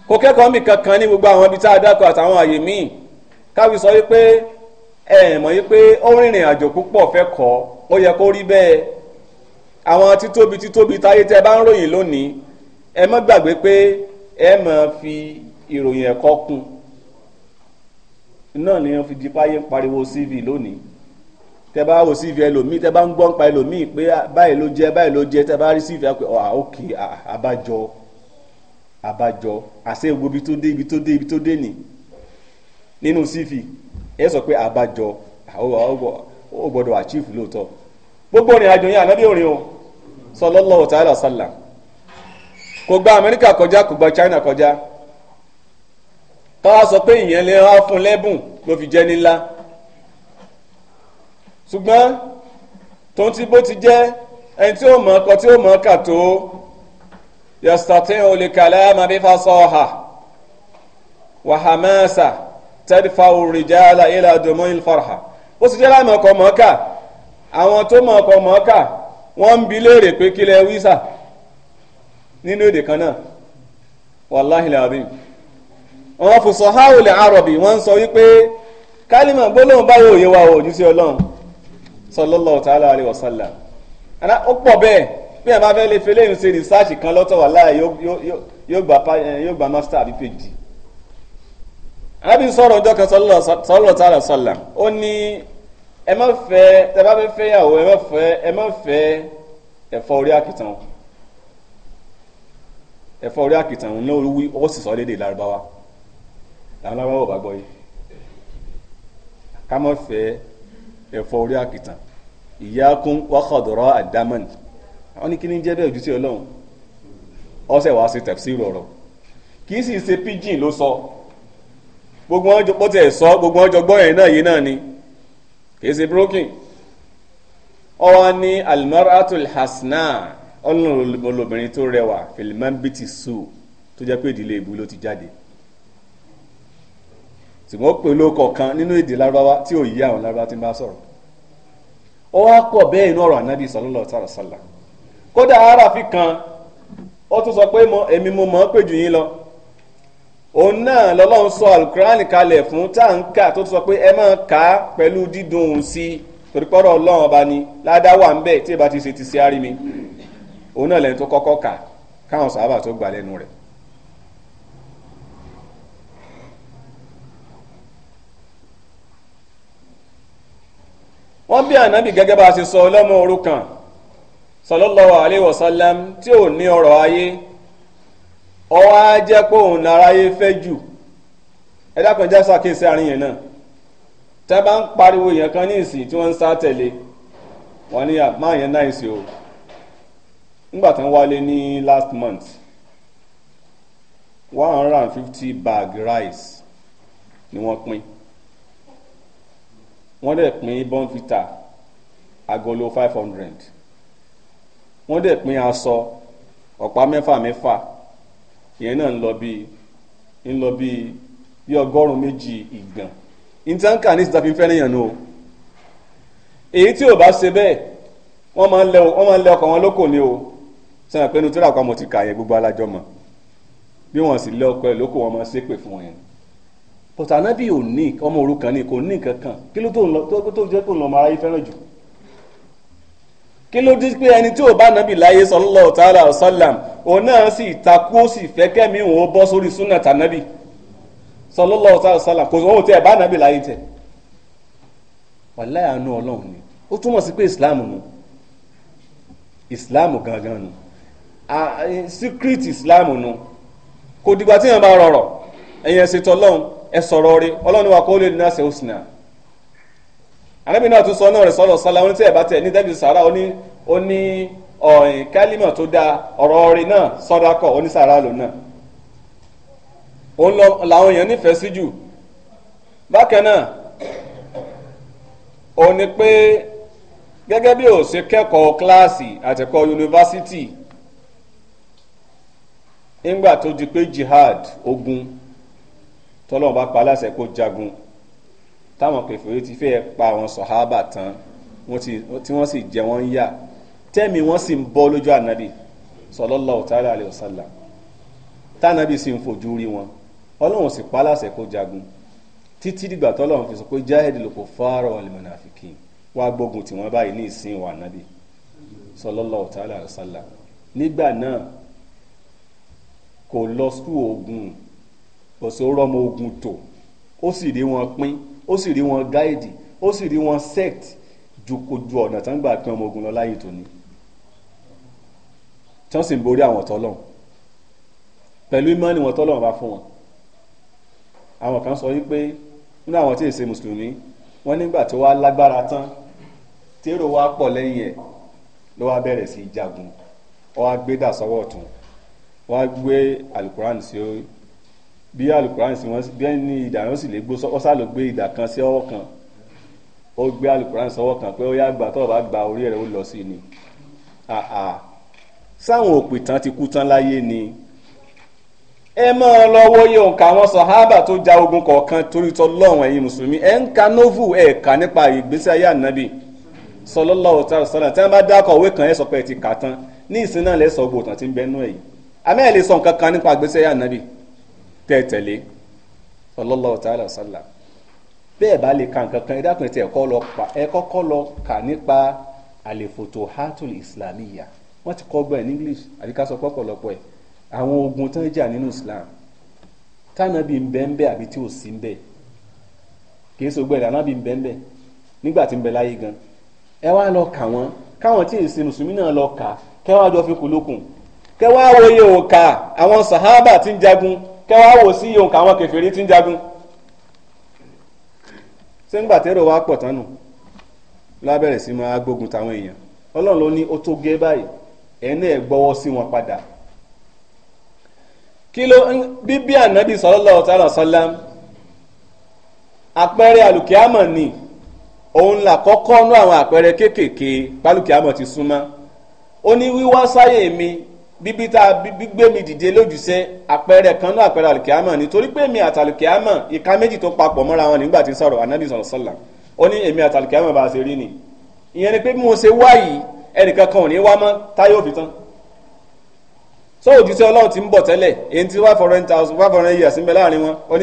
kò kẹ́kọ̀ọ́ mi kankan ní gbogbo àwọn ibi tá a dákọ̀ àtàwọn àyè míì káwí sọ wípé ẹ mọ̀ wípé ó rìnrìn àjò púpọ̀ fẹ́ kọ́ ó yẹ kó rí bẹ́ẹ̀ àwọn títóbi títóbi táyé tẹ́ bá ń ròyìn lónìí ẹ má gbàgbé pé ẹ máa fi ìròyìn ẹ̀kọ́ kún náà ni wọ́n fi di páyé pariwo CV lónìí tẹ bá wò sí ìfì ẹlòmíì tẹ bá ń gbọ́n pa ẹlòmíì pé báyìí ló jẹ báyìí ló jẹ tẹ bá rí sí ìfì ẹpẹ ọ̀hà òkè àbájọ ah, àbájọ àṣẹ gbogbo ibi tó dé ibi tó dé ibi tó dé nì nínú sífì ẹ sọ pé àbájọ ó gbọ́dọ̀ àchífù lóòótọ́ gbogbo ìrìn àjò yẹn ànábì òrìn o sallallahu ta'ala sallam kò gba amẹ́ríkà kọjá kò gba china kọjá káwá sọ pé ìyẹn lè wá fún lẹ́bùn ló fi jẹ́ ní ńlá ṣùgbọ́n tóun ti bó ti jẹ́ ẹni tí ó mọ̀ ọkọ tí ó mọ̀ ọkà tó yastati'u al-kalama bi fasaha wa hamasa tadfa'u ar-rijala ila dumu'il farha ó ti jẹ́ láì mọ̀ ọkọ mọ̀ ọkà àwọn tó mọ̀ ọkọ mọ̀ ọkà wọ́n ń bi léèrè pé kí lẹ wíṣà nínú èdè kan náà wàláhì làbíyìn àwọn fòsàn haúlẹ̀ àrọ̀bì wọ́n ń sọ wípé kálímà gbólóhùn báwo òye wa òjúṣe ọlọ́run sallallahu ta'ala alayhi wa sallam ẹ̀rọ ó pọ̀ bẹ́ẹ̀ bí ẹ̀ máa fẹ́ lè fẹ́lẹ́ yìí ṣe rìsáàṣì kan lọ́tọ̀ wà láàyè eh, yóò gba master àbí phd arábìnrin sọ̀rọ̀ ọjọ́ kan sallallahu ta'ala sallam ó ní ẹ má fẹ́ ẹ bá fẹ́ fẹ́yàwó ẹ má fẹ́ ẹ má fẹ́ ẹ̀fọ́ orí àkìtàn ẹ̀fọ́ orí àkìtàn ní orí ó sì sọ lédè lárúbáwá làwọn lárúbáwá ò bá gbọ́ yìí ká má fẹ́ ẹ̀fọ́ orí àkìtàn ìyákun wákàdọ̀rọ̀ àdámọ́nì àwọn ní kí ni jẹ́ bẹ́ẹ̀ ojú sí ọlọ́run ọ̀sẹ̀ wàá ṣe tafsir ọ̀rọ̀ kì í sì ṣe pidgin ló sọ gbogbo wọn pọ́tẹ̀ sọ gbogbo wọn jọgbọ́n náà yìí náà ni kì í ṣe broken ọwọ́ ní almaratul hasna ọlọ́run olóbìnrin tó rẹwà fìlímọ́bìtì sùn tó jẹ́ pé ìdílé ìbú ló ti jáde tí wọ́n pè ló kọ̀ọ̀kan nínú èdè lárúbáwá tí ò yí àwọn lárúbáwá tí ń bá sọ̀rọ̀ ó wá pọ̀ bẹ́ẹ̀ inú ọ̀rọ̀ ànábì sallallahu alaihi wasallam kódà aráàfi kan ó tún sọ pé èmi mo mọ̀ ọ́ pè jù yín lọ òun náà lọ́lọ́run sọ alukurani kalẹ̀ fún táǹkà tó sọ pé ẹ máa kà á pẹ̀lú dídùn òun sí i torí pọ́rọ̀ ọlọ́run ọba ni ládàwà ń bẹ̀ tí ìbá ti ṣe ti ṣe árí mi òun náà lẹ́nu tó kọ́kọ́ kà káwọn sábà tó gbà lẹ́nu rẹ̀ wọ́n bí ànábì gẹ́gẹ́ bá a ṣe sọ ọlọ́mọ òrukàn sallallahu alaihi wasallam tí ò ní ọrọ̀ ayé ọwọ́ á jẹ́ pé òun láráyé fẹ́ jù ẹ dákun jẹ́ sàkíyèsí àárín yẹn náà tẹ́ bá ń pariwo yẹn kan ní ìsìn tí wọ́n ń sá tẹ̀lé wọ́n ní àmọ́ yẹn náà ìsìn o nígbà tí wọ́n wálé ní last month one hundred and fifty bag rice ni wọ́n pín wọ́n dẹ̀ pín bọ́ǹfìtà agolo five hundred wọ́n dẹ̀ pín aṣọ ọ̀pá mẹ́fà mẹ́fà ìyẹn náà ń lọ bíi ń lọ bíi bí ọgọ́rùn-ún méjì ìgbọ̀n ìtànkà ní ìsìtàfi fẹ́ níyàn nù o èyí tí ò bá ṣe bẹ́ẹ̀ wọ́n máa ń lẹ wọ́n máa ń lẹ ọkọ̀ wọn lóko ni o sẹ́yìn pé nítorí àpamọ́ ti kà yẹ gbogbo alájọ mọ̀ bí wọ́n sì lé ọkọ̀ ẹ̀ lóko wọn máa ṣépè fún wọn yẹn but anabi ò ní ọmọ òrukàn ni kò ní nǹkan kan kí ló tó ń tó kó ń lọ ọmọ aráyé fẹ́ràn jù kí ló dé pé ẹni tí ò bá anabi láyé sallallahu ta'ala wa òun náà sì takú ó sì fẹ́ kẹ́mi òun bọ́ sórí sọ islam islam gangan secret islam kò dìgbà tí yẹn bá ẹ̀yẹn ẹ sọ̀rọ̀ rí ọlọ́run wa kó lè ní àṣẹ husna arábìnrin náà tún sọ náà rẹ̀ sọ̀rọ̀ sọ́lá ó tí ẹ̀ bá tẹ̀ ní dẹ́bi sàrà ó ní ó kálímọ̀ tó dáa ọ̀rọ̀ rí náà sọ́dá kọ̀ ó ní lò náà òun làwọn èèyàn ni pé gẹ́gẹ́ bí o ṣe kẹ́kọ̀ọ́ kíláàsì àtẹ̀kọ́ yunifásitì ńgbà tó di pé jihad ogun tọ́lọ́run bá pa aláṣẹ kó jagun táwọn kèfèrí ti fẹ́ pa àwọn sọ̀hábà tán tí wọ́n sì jẹ wọ́n yà tẹ́mi wọ́n sì ń bọ́ lójú ànábì sallallahu ta'ala alayhi wa sallam tànábì sì ń fojú rí wọn ọlọ́run sì pa aláṣẹ kó jagun títí dìgbà tọ́lọ́run fi sọ pé jahidil kuffara wal munafiqin wá gbógun tí wọ́n báyìí ní ìsìn wa ànábì sallallahu ta'ala alayhi wa sallam nígbà náà kò lọ skul ogun because ó rọ́mọ ogun tò ó sì rí wọn pín ó sì rí wọn gáìdì ó sì rí wọn sect ju kojú ọ̀nà tán gbà pín ọmọ ogun lọ láyé tòní tí wọ́n sì ń borí àwọn tọ́lọ́hún pẹ̀lú ìmọ̀ọ́nì wọn tọ́lọ́hún bá fún wọn àwọn kan sọ wípé nínú àwọn tí èsè mùsùlùmí wọ́n nígbà tó wá lágbára tán tèrò wá pọ̀ lẹ́yìn ẹ̀ ló wá bẹ̀rẹ̀ sí jagun ó gbé dà sọ́wọ́ ọ̀tún ó gbé alukuran sí bí alukuran sí wọn bí ẹni ní ìdá wọn sì lè gbó ọsà ló gbé ìdá kan sí ọwọ́ kan ó gbé alukuran sọ́wọ́ kan pé ó yá gbà tọrọ bá gba orí rẹ̀ ó lọ sí ni sáwọn òpìtàn ti kú tán láyé ni ẹ máa lọ wòye òǹkà àwọn sọ̀hábà tó ja ogun kọ̀ọ̀kan torí tọlọ́run ẹ̀yin mùsùlùmí ẹ̀ ń ka nóvù ẹ̀ kà nípa ìgbésí ayé ànábì sallallahu ta'ala alaihi wasallam tí wọ́n bá dákọ̀ òwe kan ẹ̀ sọ pé ẹ̀ ti kà tán ní ìsìn náà lẹ́sọ̀ ọgbọ̀n tí ń bẹ́ẹ̀ nú ẹ̀yìn àmẹ́ ẹ̀ lè sọ nǹkan kan nípa ìgbésí ayé ànábì tẹ́ tẹ̀lé sallallahu ta'ala wa sallam bẹ́ẹ̀ bá lè ka nǹkan kan lọ ẹ kọ́kọ́ lọ kà nípa al wọ́n ti kọ́ gbọ́ ẹ̀ ní english àbí ká ẹ̀ àwọn ogun tán jà nínú islam tánàbí ń bẹ́ ń bẹ́ àbí tí ò sí ń bẹ́ kì í ẹ̀ tánàbí ń bẹ́ ń bẹ́ nígbà tí ń bẹ láyé lọ kà wọ́n káwọn tí mùsùlùmí náà lọ kà jọ fi lókun kẹwàá wò sí òǹkà àwọn kèfèrí tí ń jagun ṣé ń gbàtẹ́rò wa pọ̀ tánù lábẹ̀rẹ̀ sí máa gbógun táwọn èèyàn ọlọ́run ló ní ó tó gé báyìí ẹ̀ẹ́nà náà gbọ́wọ́ sí wọn padà kí ló ń bíbí ànábì sallallahu àpẹẹrẹ àlùkìámọ̀ ni òun là kọ́kọ́ àwọn àpẹẹrẹ kéékèèké pálùkìámọ̀ ti súnmọ́ ó ní wíwá bíbí tá a gbé mi dìde lójúṣe àpẹẹrẹ kanú àpẹẹrẹ àlùkìámọ̀ nítorí pé èmi àtàlùkìámọ̀ ìka méjì tó papọ̀ mọ́ra wọn nígbà tí ń sọ̀rọ̀ anábì sọ̀rọ̀ sọ̀là ó ní èmi àtàlùkìámọ̀ bá a ṣe rí ni ìyẹn ni pé bí mo ṣe wá yìí ẹnìkan kan ò ní wá mọ́ táyọ̀ òbí tán sọ òjúṣe ọlọ́run ti ń bọ̀ tẹ́lẹ̀ èyí tí five hundred thousand five hundred years ń bẹ láàrin wọn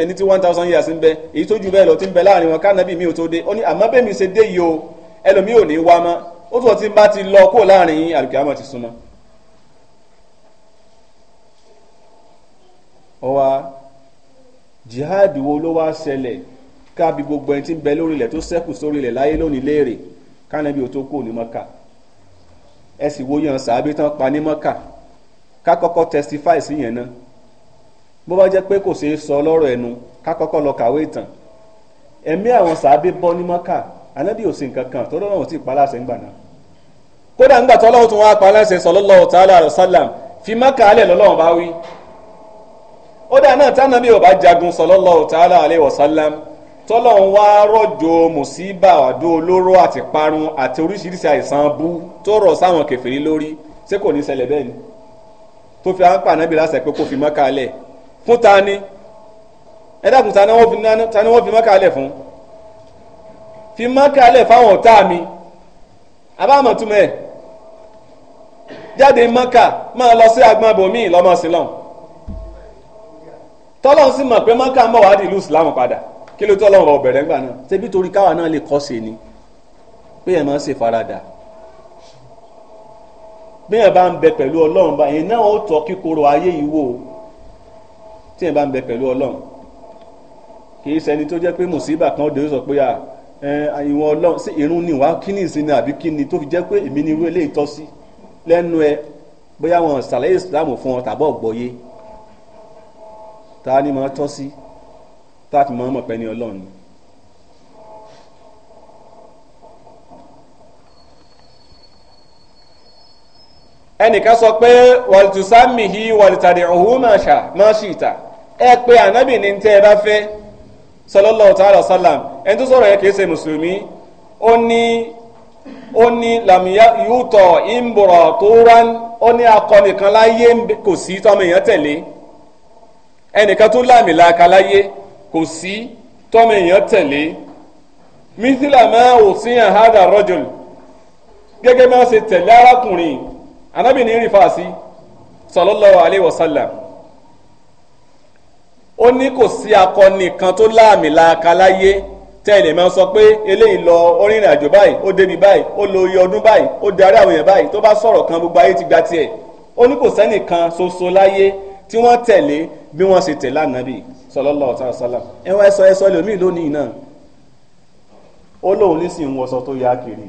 ẹni tí one thousand years ń bẹ èyí tó ju bẹ́ẹ̀ lọ ti ń bẹ láàrin wọn kánábì mi ò tó dé ó ní àmọ́ bẹ́ẹ̀ mi ṣe dé yìí o ẹlòmíì ò ní wá mọ́ ó tún ọtí bá ti lọ kó láàrin àlùkìámọ̀ ti súnmọ́ ọwa jihad wo ló wá ṣẹlẹ̀ kábi gbogbo ẹni tí bẹ lórí ilẹ̀ tó ṣẹ́kù sórí ilẹ̀ láyé lónìí léèrè kánàbí ò tó kú ní mọ́kà ẹ sì wo yan sàábí tán pa ní mọ́kà ká kọ́kọ́ sọ lọ́rọ̀ ẹnu ká lọ kàwé ìtàn ẹ̀mí àwọn sàábí bọ́ ní mọ́kà ò sí nǹkan kan tó tí náà kódà ńgbà tó tó fi mọ́kà ó dáa náà tá nàbí ọba jagun sallallahu ta'ala alayhi wa sallam tọ́lọ̀ ń wá rọ̀jò mùsíbà àdó olóró àti parun àti oríṣiríṣi àìsàn bú tó rọ̀ sáwọn kèfèrí lórí ṣé kò ní ṣẹlẹ̀ bẹ́ẹ̀ ni tó fi àǹpà nàbí láṣẹ pé kó fi Mákà lẹ̀ fún ta ni ẹ dákun ta ni wọ́n fi Mákà lẹ̀ fún fi Mákà lẹ̀ fáwọn ọ̀tá mi àbámọ̀túmọ̀ ẹ̀ jáde Mákà máa lọ sí agbábọ̀ míì lọ́mọ sílọ̀n tọ́lọ́run sì mọ̀ pé mọ́kà mọ̀ wá di ìlú islam padà kí ló tọ́lọ́run bọ̀ bẹ̀rẹ̀ ńgbà náà ṣebí torí káwa náà lè kọ́ sí ni pé ẹ̀ máa ń ṣe faradà bí ẹ̀ bá ń bẹ pẹ̀lú ọlọ́run bá yẹn náà ó tọ́ kíkorò ayé yìí wò tí ẹ̀ bá ń bẹ pẹ̀lú ọlọ́run kì í ṣẹni tó jẹ́ pé mùsíbà kan òde sọ pé ìwọ̀n ọlọ́run sí irun ni wá kí ni ìsinmi àbí kí ni tó fi jẹ́ pé èmi ni irú eléyìí tọ́ sí lẹ́nu ẹ bóyá wọn ṣàlàyé ìsìlámù fún ọ tàbọ̀ gbọ́yé ta ni màá tọ́ sí tá a fi mọ́ mọ̀ pé ní ọlọ́run ni. ẹnìkan sọ pé wàlùtùsámìhì wàlùtàdì ọ̀hún màṣà màṣìta ẹ pé ànábì ní tẹ́ ẹ bá fẹ́ sallallahu ta'ala sálàm ẹni tó sọ̀rọ̀ yẹ kìí ṣe mùsùlùmí ó ní ó ní làmìyá yúùtọ̀ ìmbùrọ̀ tó rán ó ní akọni kan láyé kò sí tọ́mọ èèyàn tẹ̀lé ẹnìkan tó láàmì làákà láyé kò sí tọ́mọ èèyàn tẹ̀lé mísílà máa ò sí àhádà rọ́jòl gẹ́gẹ́ bí wọ́n ṣe tẹ̀lé arákùnrin anábì ní rìfà sí sallallahu alaihi wasallam ó ní kò sí akọni kan tó láàmì làákà láyé tẹ́lẹ̀ máa sọ pé eléyìí lọ orin àjò báyìí ó débi báyìí ó lo iye ọdún báyìí ó darí àwọn èèyàn báyìí tó bá sọ̀rọ̀ kan gbogbo ayé ti gba tiẹ̀ ó ní kò sẹ́nìkan ṣoṣo láyé tí wọ́n tẹ̀lé bí wọ́n ṣe tẹ̀lé ànábì sallallahu alaihi wasallam ẹ̀wọ̀n ẹ̀sọ́ ẹ̀sọ́ ẹlòmíì lónìí náà ó lóun nísìn ń wọṣọ tó yá kiri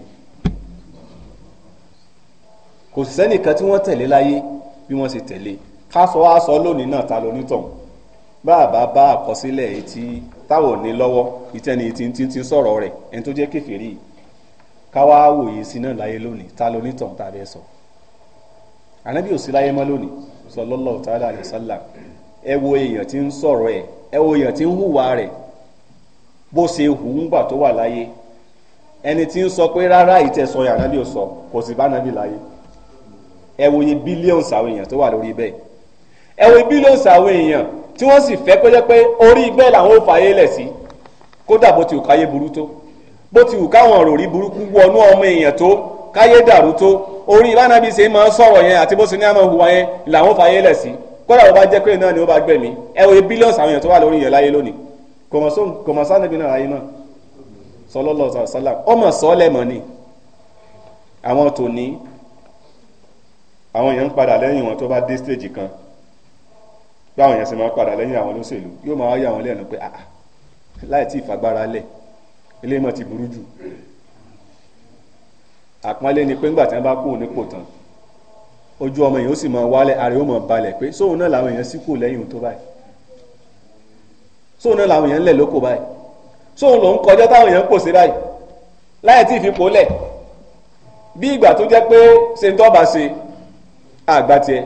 kò sì sẹ́nìkan tí wọ́n tẹ̀lé láyé bí wọ́n ṣe tẹ̀lé ká sọ wá sọ lónìí náà ta lonítọ̀hún báàbá bá àkọsílẹ̀ etí táwọn ò ní lọ́wọ́ ìtẹ́ni tí ń ti sọ̀rọ̀ rẹ̀ ẹni tó jẹ́ kèfèrí ká wá wòye sí náà láyé lónìí ta lonítọ̀hún tàbí ẹ̀sọ̀ ànábì ò sí láyé mọ́ lónìí sallallahu ta'ala alayhi wa sallam ẹ wo èèyàn tí ń sọ̀rọ̀ ẹ̀ ẹ wo èèyàn tí ń hùwà rẹ̀ bó ṣe hù ń gbà tó wà láyé ẹni tí ń sọ pé rárá ìtẹ̀sọ yàrá bí ó sọ kò sì bá nàbí láyé ẹ wo iye bílíọ̀nù àwọn èèyàn tó wà lórí bẹ́ẹ̀ ẹ wo bílíọ̀nù àwọn èèyàn tí wọ́n sì fẹ́ pẹ́ẹ́pẹ́ orí bẹ́ẹ̀ làwọn ò fààyè lẹ̀ sí kódà bó ti wù káyé burú tó bó ti wù káwọn òròrí burúkú wọnú ọmọ èèyàn tó káyé dàrú tó orí ìbánabi ṣe máa ń sọ̀rọ̀ yẹn àti bó ṣe ní àmọ́ hùwà yẹn làwọn fàyè lẹ̀ sí kódà wọ́n bá jẹ́ pé náà ni wọ́n bá gbẹ̀mí ẹ wo bílíọ̀nù àwọn èèyàn tó wà lórí yẹn láyé lónìí kòmọ̀sán níbi náà ayé náà sọlọ́lọ́ sàlá ọmọ sọ́ọ́lẹ̀ mọ̀ ni àwọn tòní àwọn èèyàn ń padà lẹ́yìn wọn tó bá dé stage kan báwọn èèyàn sì máa padà lẹ́yìn àwọn olóṣèlú yóò máa yà wọn lẹ́nu pé ah, ah, láì tí ìfagbára lẹ̀ eléyìí mọ̀ ti burú jù àpọ́nlé ni pé ńgbà tí wọ́n bá kú nípò tán ojú ọmọ yìí ó sì máa wálẹ̀ ara ó máa balẹ̀ pé sóun náà làwọn èèyàn sì kù lẹ́yìn tó báyìí sóun náà làwọn èèyàn ń lẹ̀ lóko báyìí sóun ń kọjá táwọn èèyàn ń pòsè báyìí láyé tí ìfipò lẹ̀ bí ìgbà tó jẹ́ pé ṣe ń tọ́ba ṣe àgbà tiẹ̀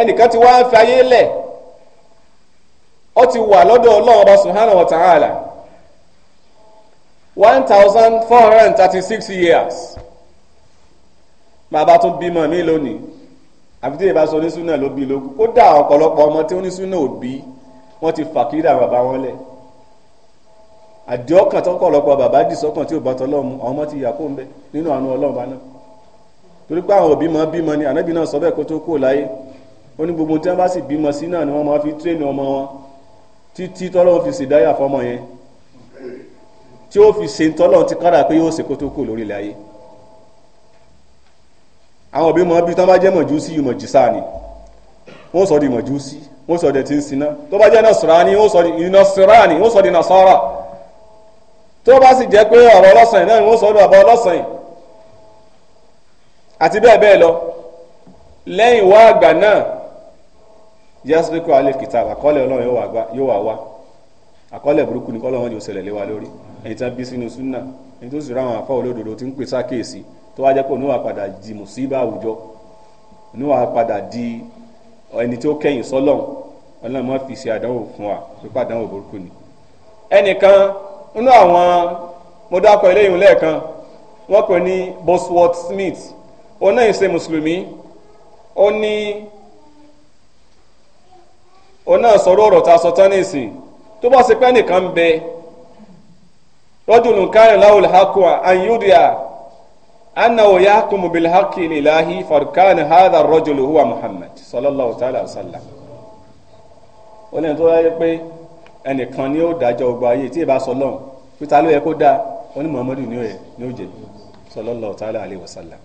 ẹnìkan ti wá ń fi ayé lẹ̀ ó ti wà lọ́dọ̀ Ọlọ́run Ọba Subhanahu wa Ta'ala 1436 years bàbá tó bímọ mi lónìí àfi tí ìbá sọ onísúná ló bí lógún kódà ọ̀pọ̀lọpọ̀ ọmọ tí onísúná ò bí wọ́n ti fàkírà bàbá wọn lẹ̀ àdìọ́kàn tó kọ̀lọ́pọ̀ bàbá dì sọ́kàn tí ò bá tọ́lọ́mù àwọn ọmọ ti yà kó ń bẹ nínú àánú ọlọ́run bá náà torí pé àwọn òbí máa bímọ ni ànábì náà sọ bẹ́ẹ̀ kó tó kúrò láyé ó ní gbogbo tí wọ́n bá sì bímọ sí náà ni wọ́n máa fi tréènì ọmọ wọn títí tọ́lọ́run fi ṣèdáyà fọmọ yẹn tí ó fi ṣe tọ́lọ̀ ti kára pé yóò ṣe kó tó kù lórí ilẹ̀ ayé àwọn òbí mọ bí tán bá jẹ́ mọ̀júsí mọ̀jísá ni wọ́n sọ di mọ̀júsí wọ́n sọ di ti ń siná tó bá jẹ́ nasara ni wọ́n sọ di nasara ni wọ́n sọ di nasara tó bá sì jẹ́ pé ọ̀rọ̀ ọlọ́sàn yìí náà ni wọ́n sọ di bàbá ọlọ́sàn yìí àti bẹ́ẹ̀ bẹ́ẹ̀ lọ lẹ́yìn wá àgbà náà yasiriko alif kitab àkọọ́lẹ̀ ọlọ́run yóò wà wá àkọọ́lẹ̀ burúkú ni kọ́lọ́run yóò ṣẹlẹ̀ lé wa lórí. ẹni tí a bí sínú súnà ẹni tó sì ra àwọn àfa olódodo ti ń pè sákèsí tó wá jẹ́ pé padà di mùsíbà àwùjọ òun padà di ẹni tó kẹ́yìn sọ́lọ́n ọlọ́run má fi ṣe àdánwò fún wa pípa àdánwò burúkú ni. ẹnìkan nínú àwọn mo dákọ eléyìí lẹ́ẹ̀kan wọ́n pè Bosworth Smith ó náà ṣe mùsùlùmí ó ní ó náà sọ̀rọ̀ ọ̀rọ̀ tá a sọ rọ́jùlù kárẹ̀ láwùl hakùn àyùdíà annahu yahkumu bil haqqi lillahi farkan hadha ar-rajul huwa muhammad sallallahu ta'ala wa sallam ó ní tó yẹ pé ẹnìkan ni ó dájọ́ gbogbo ayé tí ìbá sọ lọ́hùn pé ta ló yẹ kó dáa ó ní muhammadu ni ó yẹ ni ó jẹ sallallahu ta'ala alayhi wa sallam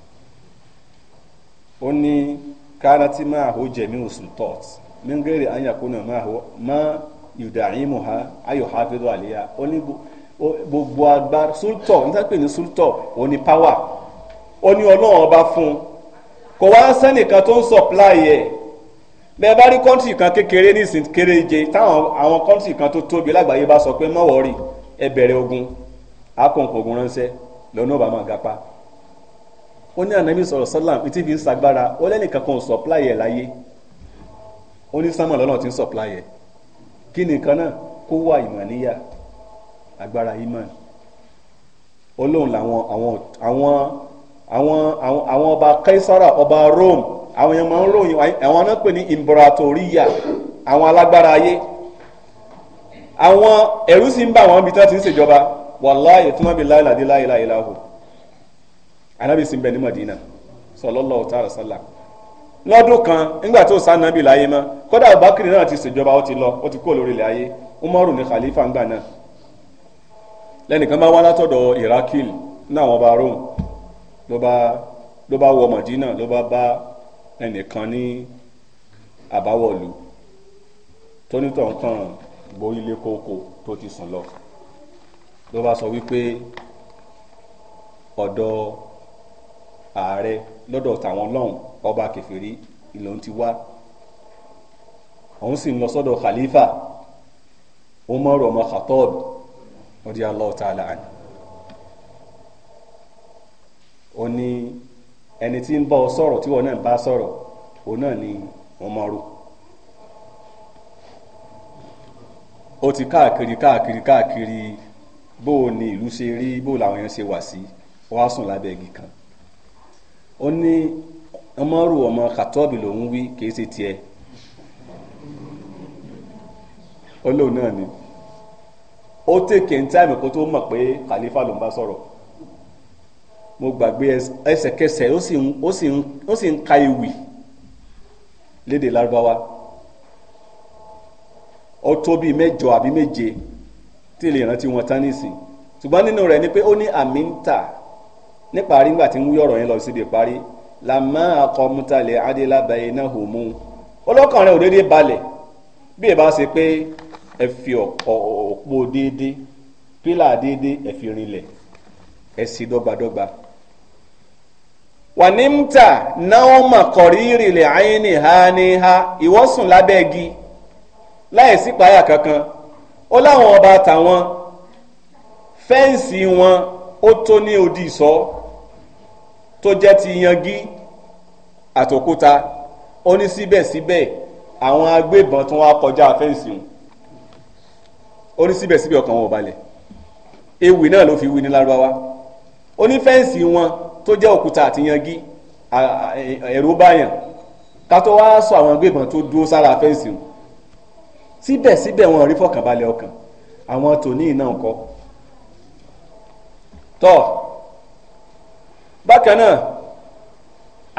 ó ní kánátì máa hó jẹ̀mí sultat min ghairi an yakuna máa hó má yudaimuha ayo hafidu aliya ó ní gbogbo agbára sultọ nítorí ní sultọ òní power ó ní ọlọ́run ọba fún un kò wá sẹ́nìkan tó ń supply ẹ̀ bẹ́ẹ̀ bá rí kọ́ńtì kan kékeré ní ìsìn kéréje táwọn àwọn kọ́ńtì kan tó tóbi lágbàáyé bá sọ pé má wọ̀ọ́rì ẹ bẹ̀rẹ̀ ogun akọ̀ǹkọ̀ ogun ránṣẹ́ lọ́nà ọba máa gapa ó ní ànábì sọ̀rọ̀ sọ́làm tí fi ń sagbára ó lẹ́nìkan kan ò supply ẹ̀ láyé ó ní sámọ̀ lọ́nà tí ń supply ẹ̀ kí nìkan náà kó wà ìmọ̀ níyà agbára imán olóhùn làwọn àwọn àwọn àwọn àwọn àwọn ọba kaisara ọba Rome àwọn èèyàn máa ń ròyìn àwọn náà pè ní imbratoria àwọn alágbára ayé àwọn ẹ̀rú sì ń bá àwọn ibi tí wọ́n ti ń ṣèjọba wàláyé tí wọ́n bí láìláde láìláìláhùn anábì sì ń bẹ ní Madina sallallahu ta'ala sallam lọ́dún kan nígbà tó sá nábì láyé mọ́ kódà Abubakar náà ti ṣèjọba ó ti lọ ó ti kó lórí ilẹ̀ ayé Umaru ní khalifa ńgbà náà lẹ́nìkan bá wá látọ̀dọ̀ irakil náà wọ́n bá rome ló bá ló bá wọ madina ló bá bá ẹnìkan ní àbáwọ̀lú tónítọ̀ nǹkan borí ilé kókó tó ti sùn lọ ló bá sọ wípé ọ̀dọ̀ ààrẹ lọ́dọ̀ tàwọn lọ́hùn ọba kẹfìrí ìlò ń ti wá òun sì ń lọ sọ́dọ̀ khalifa Umar ọmọ Khattab radiyallahu ta'ala anhu ó ní ẹni tí ń bá ọ sọ̀rọ̀ tí wọn náà bá sọ̀rọ̀ òun náà ni wọ́n máa rò ó ti káàkiri káàkiri káàkiri bó o ní ìlú ṣe rí bó làwọn èèyàn ṣe wà sí wọ́n á sùn lábẹ́ igi kan ó ní ọmọ rò ọmọ kàtọ́ọ̀bì lòún wí kì í ṣe tiẹ̀ ó lóun náà ni ó tèkè ń táìmù kó tó mọ̀ pé khalifa ló ń bá sọ̀rọ̀ mo gbàgbé ẹsẹ̀kẹsẹ̀ ó sì ń ka ewì lédè lárúbáwá ó tó bíi mẹ́jọ àbí méje tí lè rántí wọn tán nísìn ṣùgbọ́n nínú rẹ̀ ni pé ó ní àmì ń tà níparí ńgbà tí ń wí ọ̀rọ̀ yẹn lọ síbi ìparí làmọ́ akọmutalẹ̀ adélábàáyé náà hò mú un ọlọ́kàn rẹ̀ ò déédéé balẹ̀ bí ẹ ṣe pé ẹ fi òpó déédéé pílà déédéé ẹ esi rinlẹ̀ ẹ sì dọ́gbadọ́gba. wànímtà náà mà niha ìrìnlẹ̀ àyínní ha ní ha ìwọ́sùn lábẹ́ igi kankan ó láwọn ọba tàwọn fẹ́ǹsì wọn ó tó ní odi ìsọ́ tó jẹ́ ti yangi àtòkúta ó ní síbẹ̀síbẹ̀ àwọn agbébọn tó wá kọjá fẹ́ǹsì wọn ó ní síbẹ̀síbẹ̀ ọkàn wọn ò balẹ̀ ewì náà ló fi wí ní lárúbáwá ó ní fẹ́ǹsì wọn tó jẹ́ òkúta àti yangi ẹ̀rú báyàn ká tó wá sọ àwọn agbébọn tó dúró sára fẹ́ǹsì wọn síbẹ̀síbẹ̀ wọn rí fọkànbalẹ̀ ọkàn àwọn tòní náà kọ́ tọ́ bákan náà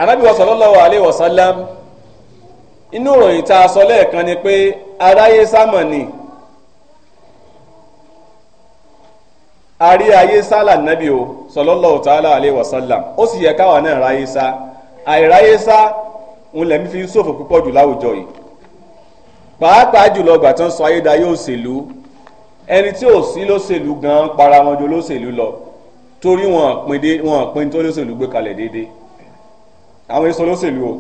Ànábì wa sallallahu alayhi wa sallam inú ìròyìn tá a sọ lẹ́ẹ̀kan ni pé aráyé sámọ̀ ni. àrí ayé sálà nàbí o sallallahu ta'ala alayhi wa sallam ó sì yẹ káwa náà ráyé sá àìráyé sá ń lẹ́mí fi ń ṣòfò púpọ̀ jù láwùjọ yìí pàápàá jùlọ ọgbà tán sọ ayédáyé òṣèlú ẹni tí ò sí lóṣèlú gan para wọn jọ lóṣèlú lọ torí wọn pin dé wọn pin tó lóṣèlú gbé kalẹ̀ déédéé àwọn èso lóṣèlú o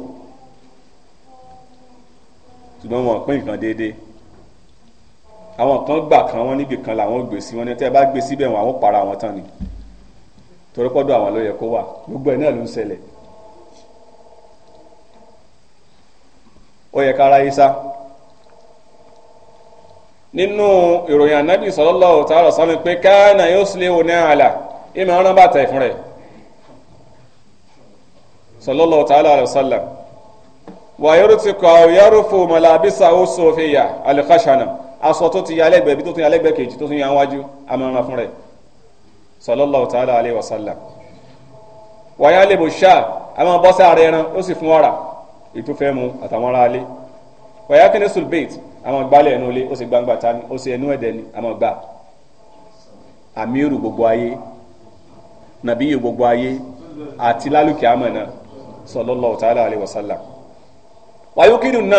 ṣùgbọ́n wọn pin nǹkan déédéé àwọn kan gbà kan wọn níbi kan làwọn gbé sí wọn ní tẹ́ bá gbé síbẹ̀ wọn àwọn para wọn tán ni torí pọ́dọ̀ àwọn ló yẹ kó wà gbogbo ẹ̀ náà ló ń ṣẹlẹ̀ ó yẹ kára yìí sá nínú ìròyìn ànábì sallallahu ta'ala wasallam pé káànà yóò sílé wo ní àlà ìmọ̀ ọ̀ràn bàtà ìfún rẹ̀ sallallahu ta'ala wasallam wà yóò ti kọ̀ yóò fò mọ̀lá bísà ó sòfin yà al aṣọ tó ti ya lẹ́gbẹ̀ẹ́ bí tó tún ya lẹ́gbẹ̀ẹ́ kejì tó tún ya wájú amọ̀ràn fún rẹ̀ sallallahu ta'ala alayhi wa sallam wàyà lè bò ṣá àwọn bọ́sẹ̀ ààrẹ ẹran ó sì fún ọ̀rà ètò fẹ́ mu àtàwọn ará alé wàyà kí sulbate àwọn gbálẹ̀ ẹnu ilé ó sì gbangba ta ó sì ẹnu ẹ̀dẹ̀ ni àwọn gbà amiru gbogbo ayé nàbíyù gbogbo ayé àti lálùkì àmọ̀ náà sallallahu ta'ala alayhi wàyà kí ni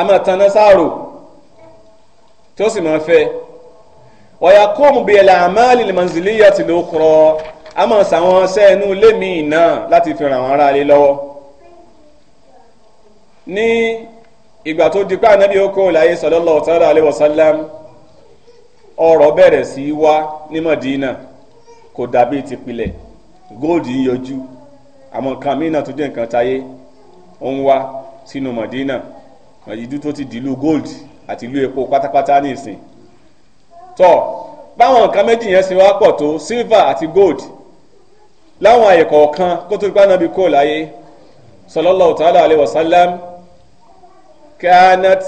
àmọ̀ tán sáàrò tí ó sì máa fẹ́ ọ̀yà kóòmù bíi ẹ̀lẹ́ àmàlì lèmọ̀nsìlíyà ti ló kọ́ a máa sàwọn sẹ́ẹ̀nù lémi náà láti fi ràn wọ́n ara lé lọ́wọ́ ní ìgbà tó di pé ànábì ó kó láyé sallallahu ta'ala alaihi wasallam ọ̀rọ̀ bẹ̀rẹ̀ sí í wá ní Mọ̀dínà kò dàbí tìpilẹ̀ góòdì ń yọjú àwọn nǹkan mìíràn tó jẹ́ nǹkan táyé ó ń wá sínú Mọ̀dínà ìdú tó ti dìlú góòdì àti ìlú epo pátápátá ní ìsìn tọ́ báwọn nǹkan méjì yẹn ṣe wá pọ̀ tó silver àti gold láwọn àyè kọ̀ọ̀kan kó tó ipá náà bí kó láyé sallallahu ta'ala alayhi wa sallam kanat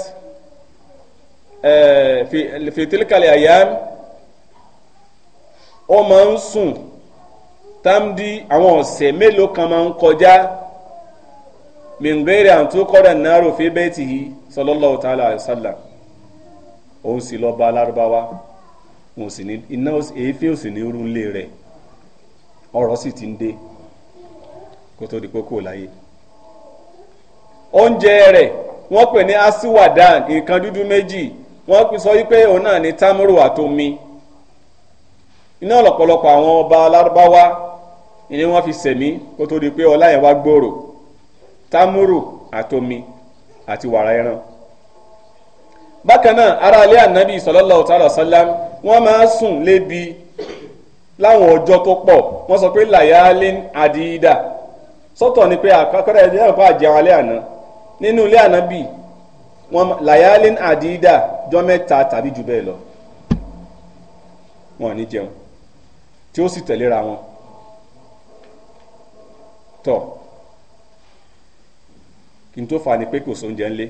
fi tilkal ayyam ó máa ń sùn tamdi àwọn ọ̀sẹ̀ mélòó kan máa ń kọjá min ghairi an tuqada an-naru fi baytihi sallallahu ta'ala alayhi òun sì lọ́ba alárúbáwá òun sì ní iná èéfé òsì ní irú ńlé rẹ̀ ọ̀rọ̀ sì ti ń dé kó tó di pé kò láyé oúnjẹ rẹ̀ wọ́n pè ní asiwadan nǹkan dúdú méjì wọ́n sọ wípé òun náà ní tamuru àtomi iná lọ́pọ̀lọpọ̀ àwọn ọba alárúbáwá ni wọ́n fi sẹ̀mí kó tó di pé ọlá gbòòrò tamuru àtomi àti wàrà ẹran bákan náà ará ilé ànábì sallallahu ta'ala sallam wọ́n máa sùn lébi láwọn ọjọ́ tó pọ̀ wọ́n sọ pé layalin adida sọ́tọ̀ ni pé àkọ́kọ́rẹ́ ẹ̀dẹ́ náà kọ́ àjẹun alẹ́ àná nínú ilé ànábì wọ́n layalin adida jọ́ mẹ́ta tàbí jù bẹ́ẹ̀ lọ wọn ní jẹun tí ó sì tẹ̀léra wọn tọ̀ kí n tó fa ni pé kò sóúnjẹ ńlẹ́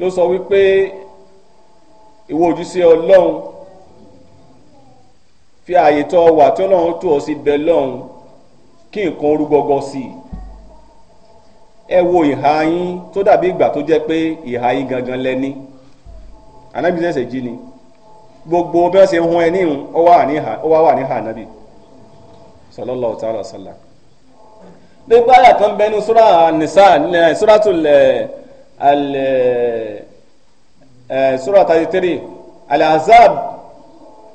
ló sọ wípé ìwọ ojúṣe ọlọ́run fi ààyè tó ọ wà tí ọlọ́run tó ọ sí bẹ lọ́run kí nǹkan orú gbọgbọ sí i ẹ wo ìhà yín tó dàbí ìgbà tó jẹ́ pé ìhà yín gangan lẹ́ni ànábì ṣẹ̀ṣẹ̀ jí ni gbogbo bí wọ́n ṣe hun ẹni hun ó wá wà ní ìhà ànábì sallallahu ta'ala sallam. nípa àyà kan bẹnu sura nisa suratul. Eh, eh, sura thirty three alazab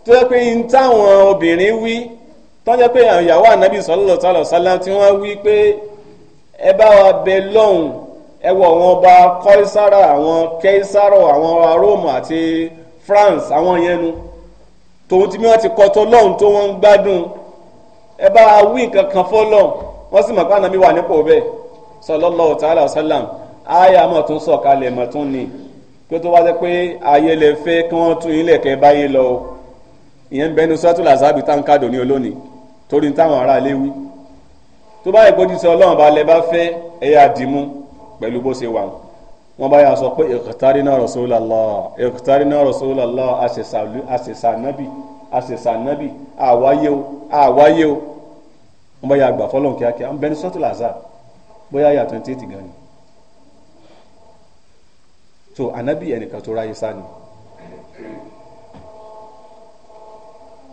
tó yẹ pé n táwọn obìnrin wí tó yẹ pé ìyàwó anabi sallallahu alaihi wasallam tí wọ́n wí pé ẹ bá wa bẹ ẹ àwọn ọba àwọn kẹ́ísárọ̀ àwọn àti France àwọn yẹn nu tòun tí ti tó wọn ń gbádùn ẹ bá wí nǹkan kan sì pé wà nípò Aya mọ̀ tún sọ̀kalẹ̀ mọ̀ tún ni kí ó tó wá jẹ́ pé ayé lè fẹ́ kí wọ́n tún ilé kẹ́ báyé lọ o ìyẹn ń bẹnu sọ́tò làzábì tá ń kádò ní olónìí torí táwọn ará ilé wí tó bá ìgbójú sí ọlọ́run bá lẹ bá fẹ́ ẹ̀yà dìímú pẹ̀lú bó ṣe wà wọ́n bá yà sọ pé iqtarina Rasulullah iqtarina Rasulullah àṣẹṣà nábì àṣẹṣà nábì àwáyé o àwáyé o wọ́n bá yà gbà fọ́lọ́n kíákíá bẹnu sọ́tò làzábì bóyá yà twenty eight gan ni so ànábì ẹnìkan tó ráyé sá ni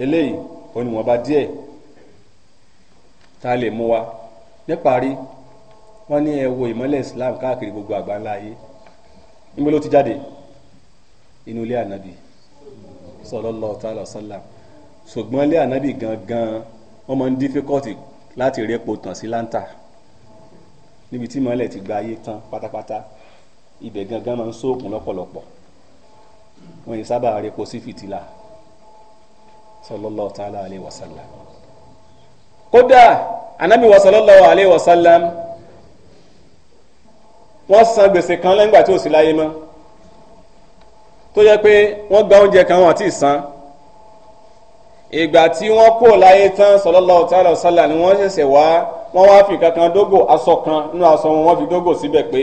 eléyìí oníwọ̀nba díẹ̀ tá a lè mú wa níparí wọ́n ní ẹ ìmọ́lẹ̀ Islam káàkiri gbogbo àgbáńlá ayé níbo ló ti jáde inú ilé ànábì sallallahu ta'ala sallam ṣùgbọ́n ilé ànábì gangan wọ́n máa ń dífíkọ́tì láti rẹ́pò tàn sí láńtà níbi tí ìmọ́lẹ̀ ti gba ayé tán pátápátá ibẹ̀ gangan máa ń sóòkùn lọ́pọ̀lọpọ̀ wọn yìí sábà repo sí fìtílà sallallahu ta'ala alayhi wa sallam kódà anabi wa sallallahu alayhi wa sallam wọ́n san gbèsè kan lẹ́yìngbà tí ò sí láyé mọ́ tó yẹ pé wọ́n gba oúnjẹ kan wọn àti ìsan ìgbà tí wọ́n kó láyé tán sallallahu ta'ala wa ni wọ́n ṣẹ̀ṣẹ̀ wá wọ́n wá fi kankan dógò aṣọ kan nínú aṣọ wọn wọ́n fi dógò síbẹ̀ pé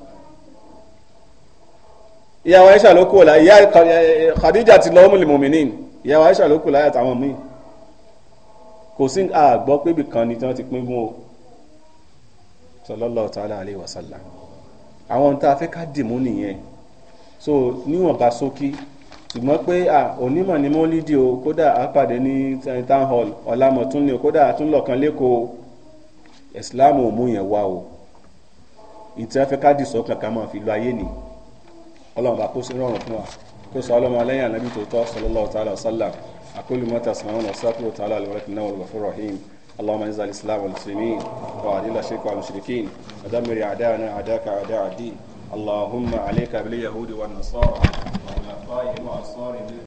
ìyàwó aisha ló kú ọ̀la ìyá eh, eh, khadija ti lọ́wọ́ mùlẹ̀ mùmìnín ìyàwó aisha ló kú láyà táwọn míì kò sí àgbọ́ pébì kan ni tí wọ́n ti pín gún o sallallahu ta'ala alayhi wa àwọn ohun tá a fẹ́ ká dìmú nìyẹn so níwọ̀nba ṣókí ṣùgbọ́n pé onímọ̀ ni mo lídìí o kódà a pàdé ní eh, town hall ọ̀làmọ̀tún ni o kódà a tún lọ̀kan lẹ́kọ̀ọ́ ìsìláàmù ò mú yẹn wá o ìtẹ́fẹ́ ọlọ́run bá kó sí rọrùn fún wa kó sọ ọlọ́run alẹ́yìn anábì tó tọ́ sallallahu ta'ala sallam aqulu ma tasma'un astaghfiru ta'ala li náà al rahim اللهم اعز الاسلام والمسلمين واذل الشرك والمشركين ودمر اعداءنا اعداءك اعداء الدين اللهم عليك باليهود والنصارى وعلى طائهم